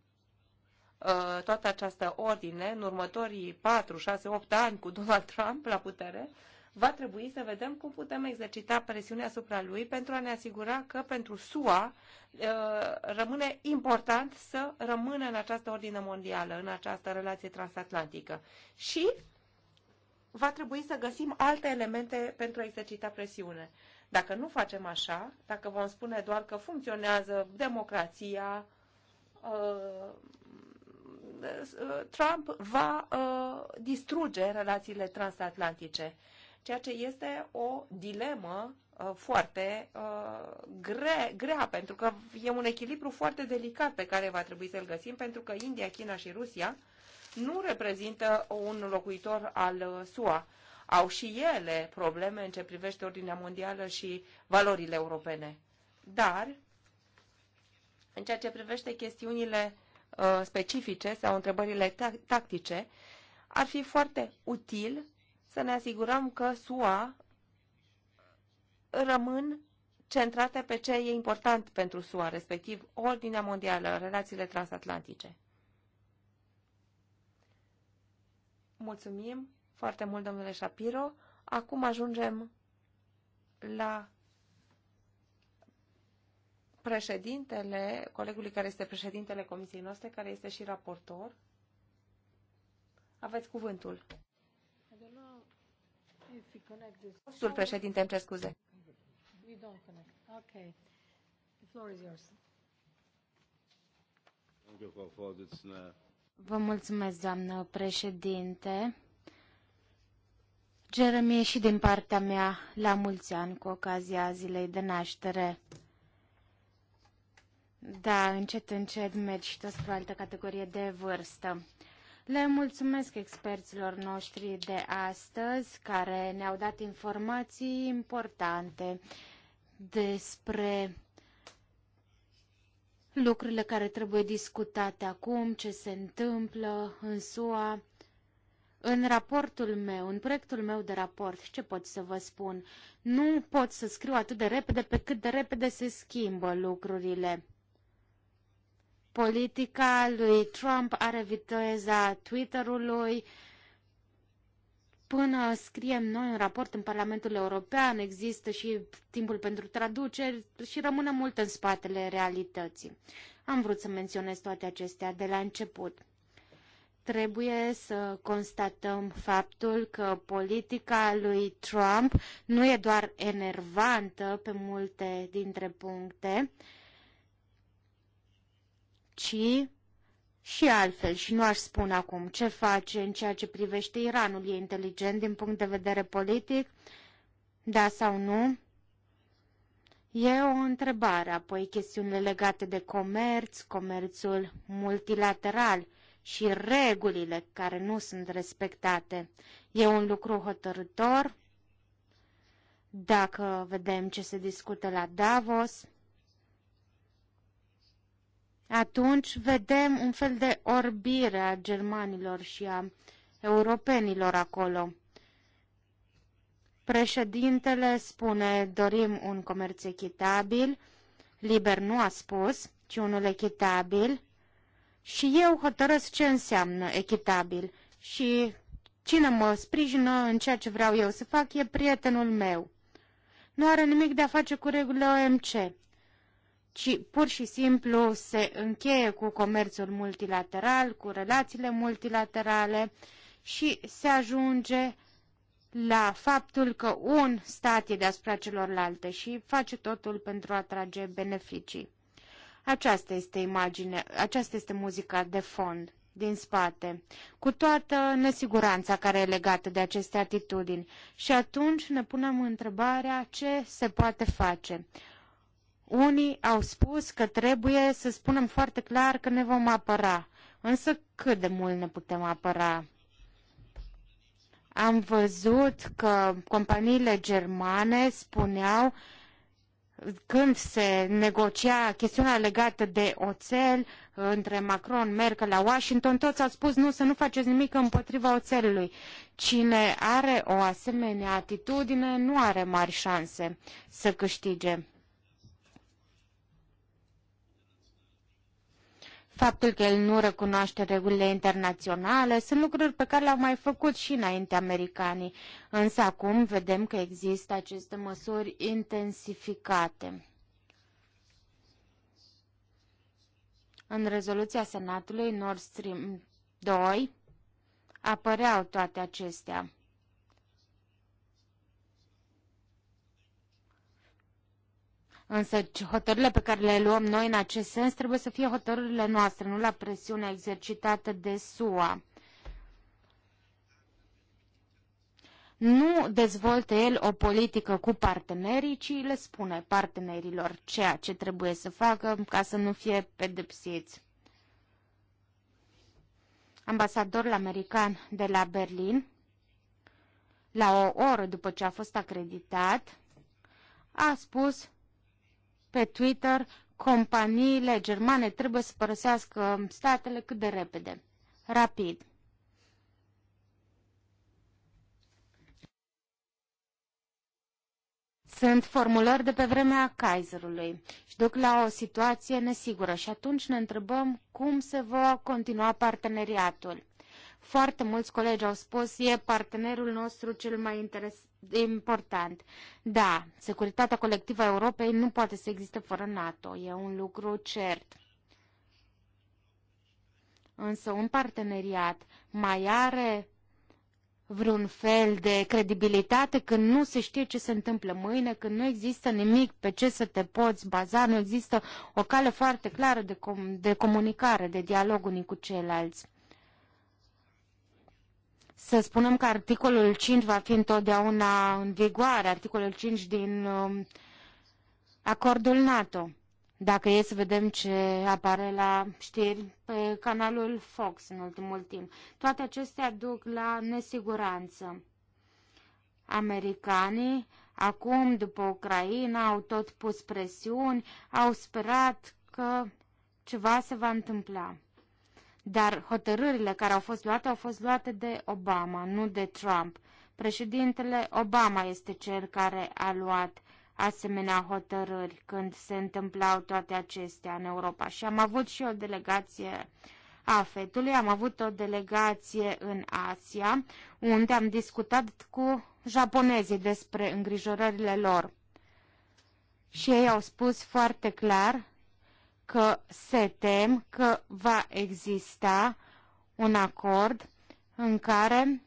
Speaker 3: toată această ordine în următorii 4, 6, 8 ani cu Donald Trump la putere, uh, va trebui să vedem cum putem exercita presiunea asupra lui pentru a ne asigura că pentru SUA uh, rămâne important să rămână în această ordine mondială, în această relație transatlantică. Și va trebui să găsim alte elemente pentru a exercita presiune. Dacă nu facem așa, dacă vom spune doar că funcționează democrația, uh, uh, Trump va distruge relațiile transatlantice ceea ce este o dilemă uh, foarte uh, gre, grea, pentru că e un echilibru foarte delicat pe care va trebui să-l găsim, pentru că India, China și Rusia nu reprezintă un locuitor al uh, SUA. Au și ele probleme în ce privește ordinea mondială și valorile europene. Dar, în ceea ce privește chestiunile uh, specifice sau întrebările tactice, ar fi foarte util să ne asigurăm că SUA rămân centrate pe ce e important pentru SUA, respectiv ordinea mondială, relațiile transatlantice. Mulțumim foarte mult, domnule Shapiro. Acum ajungem la președintele, colegului care este președintele comisiei noastre, care este și raportor. Aveți cuvântul.
Speaker 2: Sul președinte, îmi cer scuze. Vă mulțumesc, doamnă președinte. Jeremy, și din partea mea, la mulți ani cu ocazia zilei de naștere. Da, încet, încet mergi și spre o altă categorie de vârstă. Le mulțumesc experților noștri de astăzi care ne-au dat informații importante despre lucrurile care trebuie discutate acum, ce se întâmplă în SUA. În raportul meu, în proiectul meu de raport, ce pot să vă spun? Nu pot să scriu atât de repede pe cât de repede se schimbă lucrurile. Politica lui Trump are viteza Twitter-ului. Până scriem noi un raport în Parlamentul European, există și timpul pentru traduceri și rămâne mult în spatele realității. Am vrut să menționez toate acestea de la început trebuie să constatăm faptul că politica lui Trump nu e doar enervantă pe multe dintre puncte, ci și altfel, și nu aș spune acum ce face în ceea ce privește Iranul. E inteligent din punct de vedere politic? Da sau nu? E o întrebare, apoi chestiunile legate de comerț, comerțul multilateral și regulile care nu sunt respectate. E un lucru hotărător? Dacă vedem ce se discută la Davos, atunci vedem un fel de orbire a germanilor și a europenilor acolo. Președintele spune dorim un comerț echitabil, liber nu a spus, ci unul echitabil și eu hotărăsc ce înseamnă echitabil și cine mă sprijină în ceea ce vreau eu să fac e prietenul meu. Nu are nimic de a face cu regulile OMC ci pur și simplu se încheie cu comerțul multilateral, cu relațiile multilaterale și se ajunge la faptul că un stat e deasupra celorlalte și face totul pentru a trage beneficii. Aceasta este imagine, aceasta este muzica de fond din spate, cu toată nesiguranța care e legată de aceste atitudini. Și atunci ne punem întrebarea ce se poate face. Unii au spus că trebuie să spunem foarte clar că ne vom apăra. Însă cât de mult ne putem apăra? Am văzut că companiile germane spuneau când se negocia chestiunea legată de oțel între Macron, Merkel la Washington, toți au spus nu să nu faceți nimic împotriva oțelului. Cine are o asemenea atitudine nu are mari șanse să câștige. faptul că el nu recunoaște regulile internaționale, sunt lucruri pe care le-au mai făcut și înainte americanii, însă acum vedem că există aceste măsuri intensificate. În rezoluția Senatului Nord Stream 2 apăreau toate acestea. Însă hotărârile pe care le luăm noi în acest sens trebuie să fie hotărârile noastre, nu la presiunea exercitată de SUA. Nu dezvoltă el o politică cu partenerii, ci le spune partenerilor ceea ce trebuie să facă ca să nu fie pedepsiți. Ambasadorul american de la Berlin, la o oră după ce a fost acreditat, a spus pe Twitter, companiile germane trebuie să părăsească statele cât de repede, rapid. Sunt formulări de pe vremea Kaiserului și duc la o situație nesigură și atunci ne întrebăm cum se va continua parteneriatul. Foarte mulți colegi au spus, e partenerul nostru cel mai, interesant.” important. Da, securitatea colectivă a Europei nu poate să existe fără NATO, e un lucru cert. Însă un parteneriat mai are vreun fel de credibilitate când nu se știe ce se întâmplă mâine, când nu există nimic pe ce să te poți baza, nu există o cale foarte clară de, com- de comunicare, de dialog unii cu ceilalți să spunem că articolul 5 va fi întotdeauna în vigoare, articolul 5 din um, acordul NATO. Dacă e să vedem ce apare la știri pe canalul Fox în ultimul timp. Toate acestea duc la nesiguranță. Americanii, acum după Ucraina, au tot pus presiuni, au sperat că ceva se va întâmpla. Dar hotărârile care au fost luate au fost luate de Obama, nu de Trump. Președintele Obama este cel care a luat asemenea hotărâri când se întâmplau toate acestea în Europa. Și am avut și o delegație a fetului, am avut o delegație în Asia, unde am discutat cu japonezii despre îngrijorările lor. Și ei au spus foarte clar că se tem că va exista un acord în care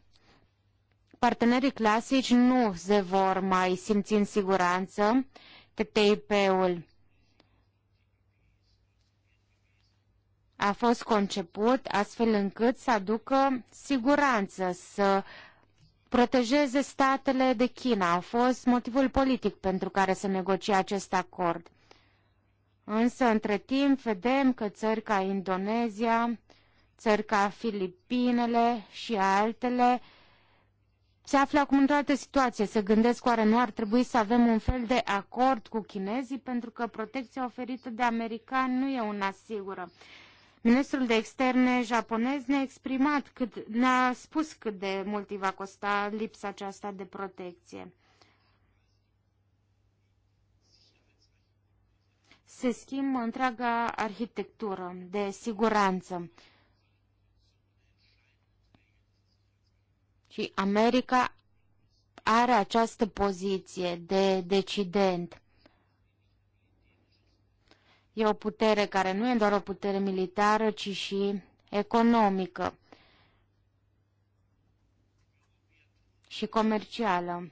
Speaker 2: partenerii clasici nu se vor mai simți în siguranță TTIP-ul a fost conceput astfel încât să aducă siguranță, să protejeze statele de China. A fost motivul politic pentru care se negocia acest acord. Însă, între timp, vedem că țări ca Indonezia, țări ca Filipinele și altele se află acum într-o altă situație. Se gândesc oare nu ar trebui să avem un fel de acord cu chinezii pentru că protecția oferită de americani nu e una sigură. Ministrul de externe japonez ne-a exprimat, cât, ne-a spus cât de mult îi va costa lipsa aceasta de protecție. se schimbă întreaga arhitectură de siguranță. Și America are această poziție de decident. E o putere care nu e doar o putere militară, ci și economică și comercială.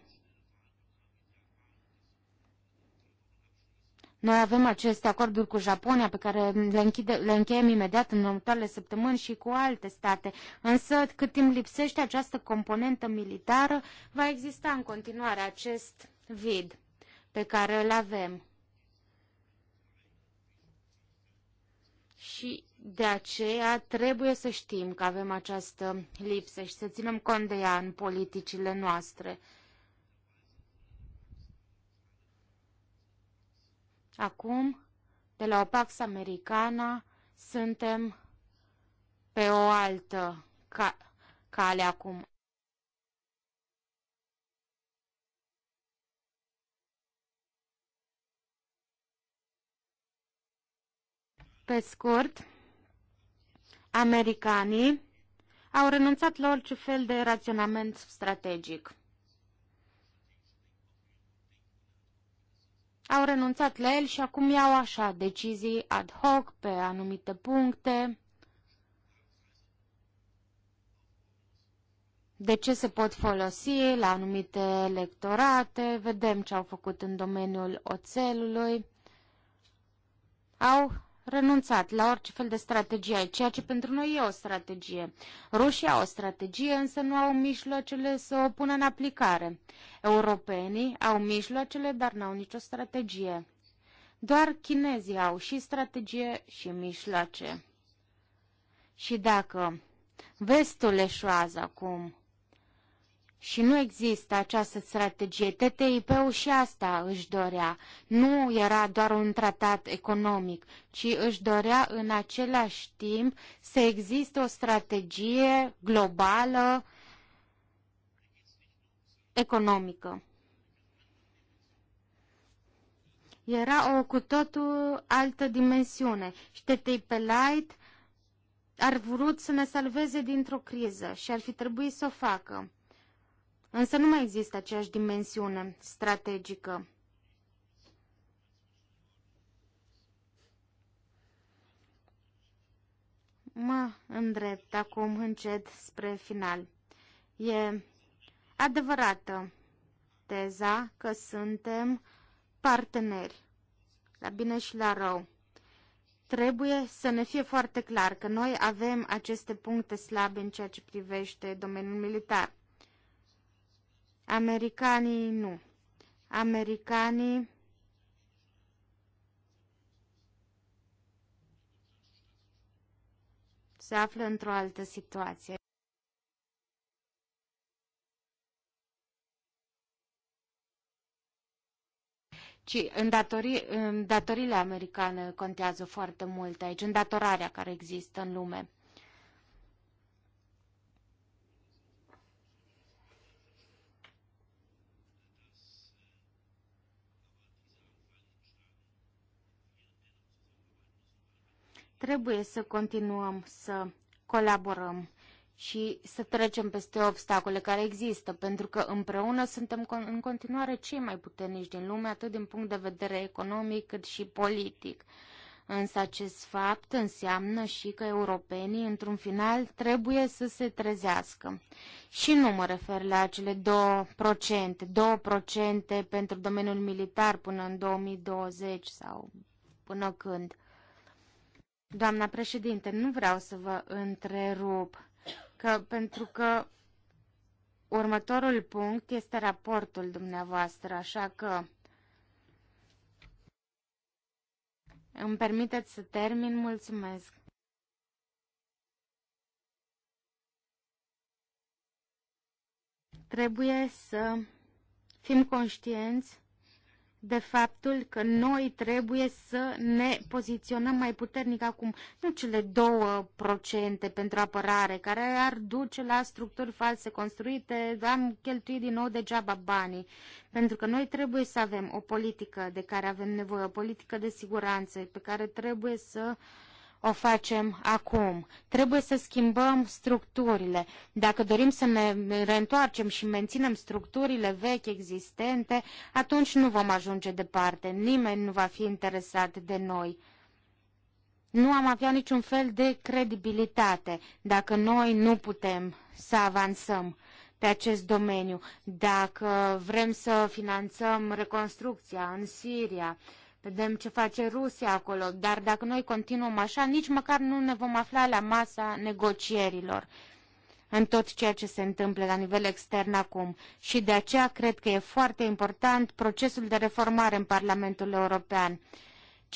Speaker 2: Noi avem aceste acorduri cu Japonia pe care le, închide, le încheiem imediat în următoarele săptămâni și cu alte state, însă cât timp lipsește această componentă militară, va exista în continuare acest vid pe care îl avem. Și de aceea trebuie să știm că avem această lipsă și să ținem cont de ea în politicile noastre. Acum, de la o Pax Americana, suntem pe o altă ca cale acum. Pe scurt, americanii au renunțat la orice fel de raționament strategic. au renunțat la el și acum iau așa decizii ad hoc pe anumite puncte. De ce se pot folosi la anumite electorate? Vedem ce au făcut în domeniul oțelului. Au renunțat la orice fel de strategie, ceea ce pentru noi e o strategie. Rusia au o strategie, însă nu au mijloacele să o pună în aplicare. Europenii au mijloacele, dar n-au nicio strategie. Doar chinezii au și strategie și mijloace. Și dacă vestul eșuază acum, și nu există această strategie. TTIP-ul și asta își dorea. Nu era doar un tratat economic, ci își dorea în același timp să existe o strategie globală economică. Era o cu totul altă dimensiune și TTIP Light ar vrut să ne salveze dintr-o criză și ar fi trebuit să o facă. Însă nu mai există aceeași dimensiune strategică. Mă îndrept acum încet spre final. E adevărată teza că suntem parteneri, la bine și la rău. Trebuie să ne fie foarte clar că noi avem aceste puncte slabe în ceea ce privește domeniul militar. Americanii nu. Americanii se află într-o altă situație. Ci în datorile americane contează foarte mult aici, datorarea care există în lume. Trebuie să continuăm să colaborăm și să trecem peste obstacole care există, pentru că împreună suntem în continuare cei mai puternici din lume, atât din punct de vedere economic cât și politic. Însă acest fapt înseamnă și că europenii, într-un final, trebuie să se trezească. Și nu mă refer la cele 2%, 2% pentru domeniul militar până în 2020 sau până când. Doamna președinte, nu vreau să vă întrerup, că, pentru că următorul punct este raportul dumneavoastră, așa că îmi permiteți să termin, mulțumesc. Trebuie să fim conștienți de faptul că noi trebuie să ne poziționăm mai puternic acum, nu cele două procente pentru apărare, care ar duce la structuri false construite, am cheltuit din nou degeaba banii, pentru că noi trebuie să avem o politică de care avem nevoie, o politică de siguranță pe care trebuie să uh, o facem acum. Trebuie să schimbăm structurile. Dacă dorim să ne reîntoarcem și menținem structurile vechi existente, atunci nu vom ajunge departe. Nimeni nu va fi interesat de noi. Nu am avea niciun fel de credibilitate dacă noi nu putem să avansăm pe acest domeniu, dacă vrem să finanțăm reconstrucția în Siria, Vedem ce face Rusia acolo, dar dacă noi continuăm așa, nici măcar nu ne vom afla la masa negocierilor în tot ceea ce se întâmplă la nivel extern acum. Și de aceea cred că e foarte important procesul de reformare în Parlamentul European.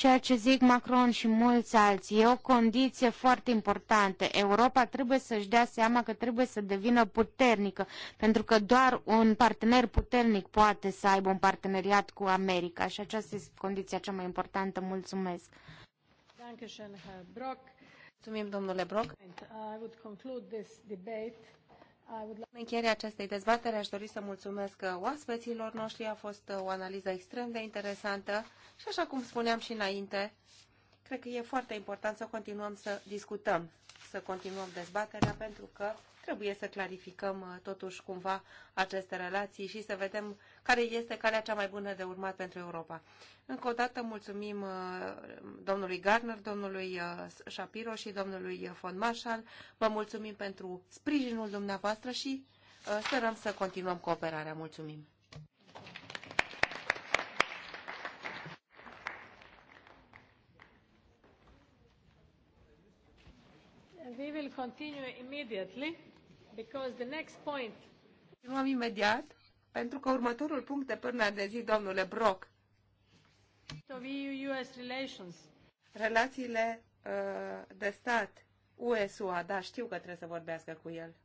Speaker 2: Ceea ce zic Macron și mulți alții e o condiție foarte importantă. Europa trebuie să-și dea seama că trebuie să devină puternică, pentru că doar un partener puternic poate să aibă un parteneriat cu America și aceasta este condiția cea mai importantă. Mulțumesc! Mulțumim, domnule Brock.
Speaker 3: În încheierea acestei dezbatere aș dori să mulțumesc uh, oaspeților noștri. A fost uh, o analiză extrem de interesantă și așa cum spuneam și înainte, cred că e foarte important să continuăm să discutăm, să continuăm dezbaterea pentru că Trebuie să clarificăm uh, totuși cumva aceste relații și să vedem care este calea cea mai bună de urmat pentru Europa. Încă o dată mulțumim uh, domnului Garner, domnului uh, Shapiro și domnului von Marshall. Vă mulțumim pentru sprijinul dumneavoastră și sperăm să continuăm cooperarea. Mulțumim!
Speaker 1: will continue immediately because the next point.
Speaker 3: Continuăm imediat pentru că următorul punct de până de zi, domnule Brock. Of EU-US relations. Relațiile uh, de stat USUA, da, știu că trebuie să vorbească cu el.